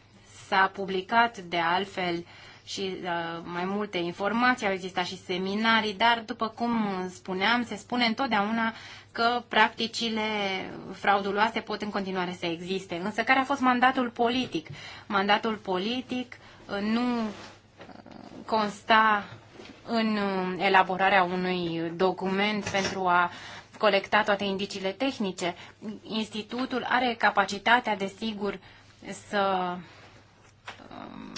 Speaker 2: S-a publicat, de altfel, și mai multe informații, au existat și seminarii, dar, după cum spuneam, se spune întotdeauna că practicile frauduloase pot în continuare să existe. Însă care a fost mandatul politic? Mandatul politic nu consta în uh, elaborarea unui document pentru a colecta toate indiciile tehnice. Institutul are capacitatea, desigur, să um,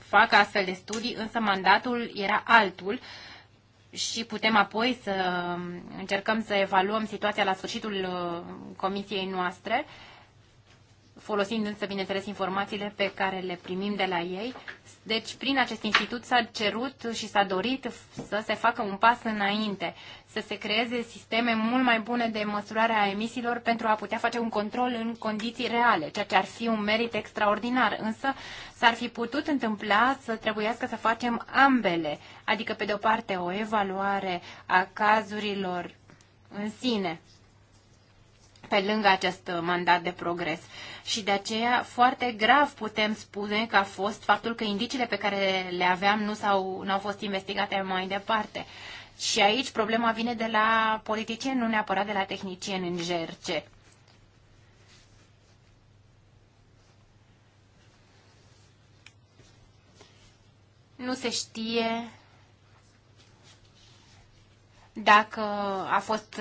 Speaker 2: facă astfel de studii, însă mandatul era altul și putem apoi să um, încercăm să evaluăm situația la sfârșitul uh, comisiei noastre folosind însă, bineînțeles, informațiile pe care le primim de la ei. Deci, prin acest institut s-a cerut și s-a dorit să se facă un pas înainte, să se creeze sisteme mult mai bune de măsurare a emisiilor pentru a putea face un control în condiții reale, ceea ce ar fi un merit extraordinar. Însă, s-ar fi putut întâmpla să trebuiască să facem ambele, adică, pe de o parte, o evaluare a cazurilor în sine, pe lângă acest uh, mandat de progres. Și de aceea foarte grav putem spune că a fost faptul că indiciile pe care le aveam nu, s-au, nu au fost investigate mai departe. Și aici problema vine de la politicieni, nu neapărat de la tehnicieni în GRC. Nu se știe dacă a fost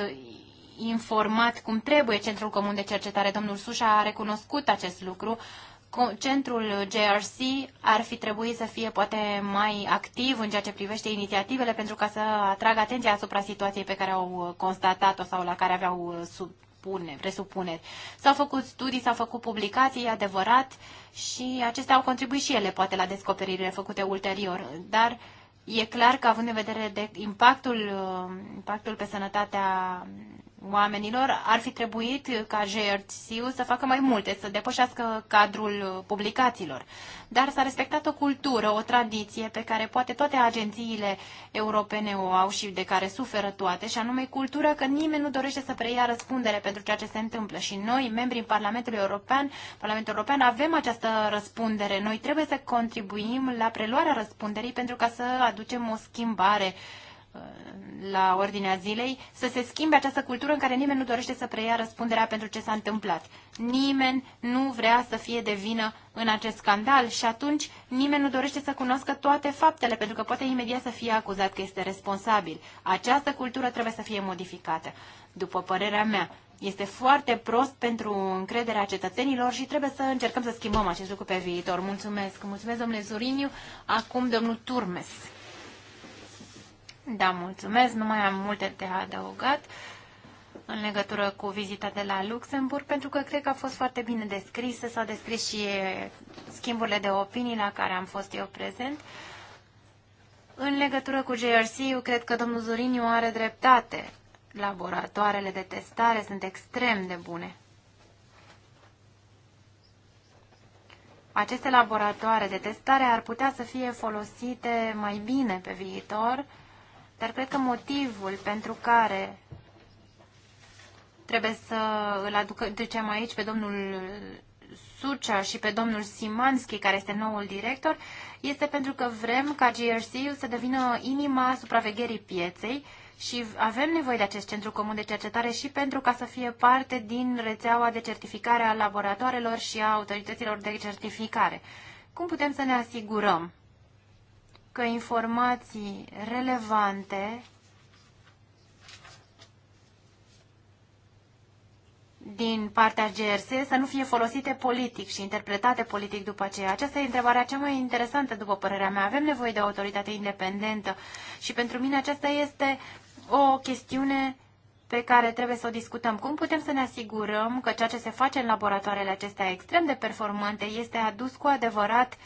Speaker 2: informat cum trebuie Centrul Comun de Cercetare. Domnul Sușa a recunoscut acest lucru. Centrul JRC ar fi trebuit să fie poate mai activ în ceea ce privește inițiativele pentru ca să atragă atenția asupra situației pe care au constatat-o sau la care aveau sub, uh, presupune, presupuneri. S-au făcut studii, s-au făcut publicații, adevărat, și acestea au contribuit și ele, poate, la descoperirile făcute ulterior. Dar e clar că, având în vedere de impactul, uh, impactul pe sănătatea oamenilor, ar fi trebuit ca JRC să facă mai multe, să depășească cadrul publicațiilor. Dar s-a respectat o cultură, o tradiție pe care poate toate agențiile europene o au și de care suferă toate, și anume cultura că nimeni nu dorește să preia răspundere pentru ceea ce se întâmplă. Și noi, membrii Parlamentului European, Parlamentul European, avem această răspundere. Noi trebuie să contribuim la preluarea răspunderii pentru ca să aducem o schimbare uh, Uh, la ordinea zilei, să se schimbe această cultură în care nimeni nu dorește să preia răspunderea pentru ce s-a întâmplat. Nimeni nu vrea să fie de vină în acest scandal și atunci nimeni nu dorește să cunoască toate faptele, pentru că poate imediat să fie acuzat că este responsabil. Această cultură trebuie să fie modificată. După părerea mea, este foarte prost pentru încrederea cetățenilor și trebuie să încercăm să schimbăm acest lucru pe viitor. Mulțumesc! Mulțumesc, domnule Zuriniu! Acum, domnul Turmes. Da, mulțumesc. Nu mai am multe de adăugat în legătură cu vizita de la Luxemburg, pentru că cred că a fost foarte bine descrisă, s-au descris și schimburile de opinii la care am fost eu prezent. În legătură cu JRC, eu cred că domnul Zuriniu are dreptate. Laboratoarele de testare sunt extrem de bune. Aceste laboratoare de testare ar putea să fie folosite mai bine pe viitor, dar cred că motivul pentru care trebuie să îl aducă, trecem aici pe domnul Sucea și pe domnul Simanski, care este noul director, este pentru că vrem ca GRC să devină inima supravegherii pieței și avem nevoie de acest centru comun de cercetare și pentru ca să fie parte din rețeaua de certificare a laboratoarelor și a autorităților de certificare. Cum putem să ne asigurăm că informații relevante din partea GRS să nu fie folosite politic și interpretate politic după aceea. Aceasta e întrebarea cea mai interesantă, după părerea mea. Avem nevoie de o autoritate independentă și pentru mine aceasta este o chestiune pe care trebuie să o discutăm. Cum putem să ne asigurăm că ceea ce se face în laboratoarele acestea extrem de performante este adus cu adevărat uh,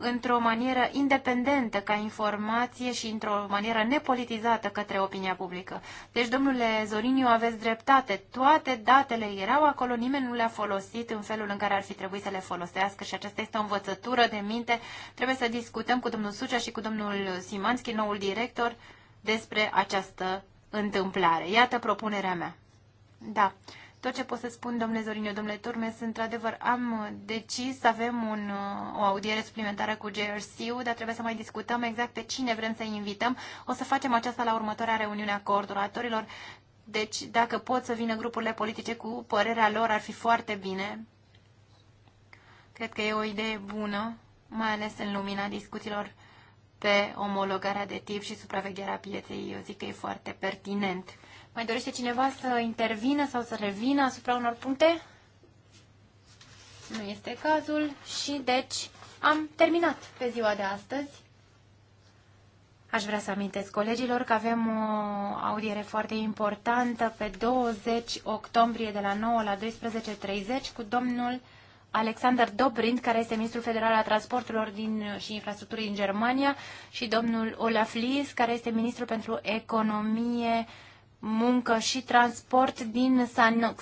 Speaker 2: într-o manieră independentă ca informație și într-o manieră nepolitizată către opinia publică. Deci, domnule Zoriniu, aveți dreptate. Toate datele erau acolo, nimeni nu le-a folosit în felul în care ar fi trebuit să le folosească și aceasta este o învățătură de minte. Trebuie să discutăm cu domnul Sucea și cu domnul Simanski, noul director, despre această întâmplare. Iată propunerea mea. Da. Tot ce pot să spun, domnule Zorinio, domnule Turmes, într-adevăr am decis să avem un, o audiere suplimentară cu JRC-ul, dar trebuie să mai discutăm exact pe cine vrem să invităm. O să facem aceasta la următoarea reuniune a coordonatorilor. Deci, dacă pot să vină grupurile politice cu părerea lor, ar fi foarte bine. Cred că e o idee bună, mai ales în lumina discuțiilor pe omologarea de tip și supravegherea pieței. Eu zic că e foarte pertinent. Mai dorește cineva să intervină sau să revină asupra unor puncte? Nu este cazul și deci am terminat pe ziua de astăzi. Aș vrea să amintesc colegilor că avem o audiere foarte importantă pe 20 octombrie de la 9 la 12.30 cu domnul Alexander Dobrindt, care este ministrul federal al transporturilor din, și infrastructurii din Germania, și domnul Olaf Lies, care este ministrul pentru economie, uh, muncă și transport din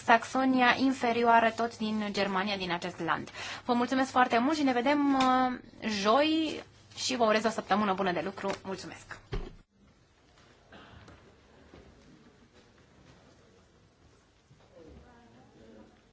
Speaker 2: Saxonia inferioară, tot din Germania, din acest land. Vă mulțumesc foarte mult și ne vedem uh, joi și vă urez o săptămână bună de lucru. Mulțumesc!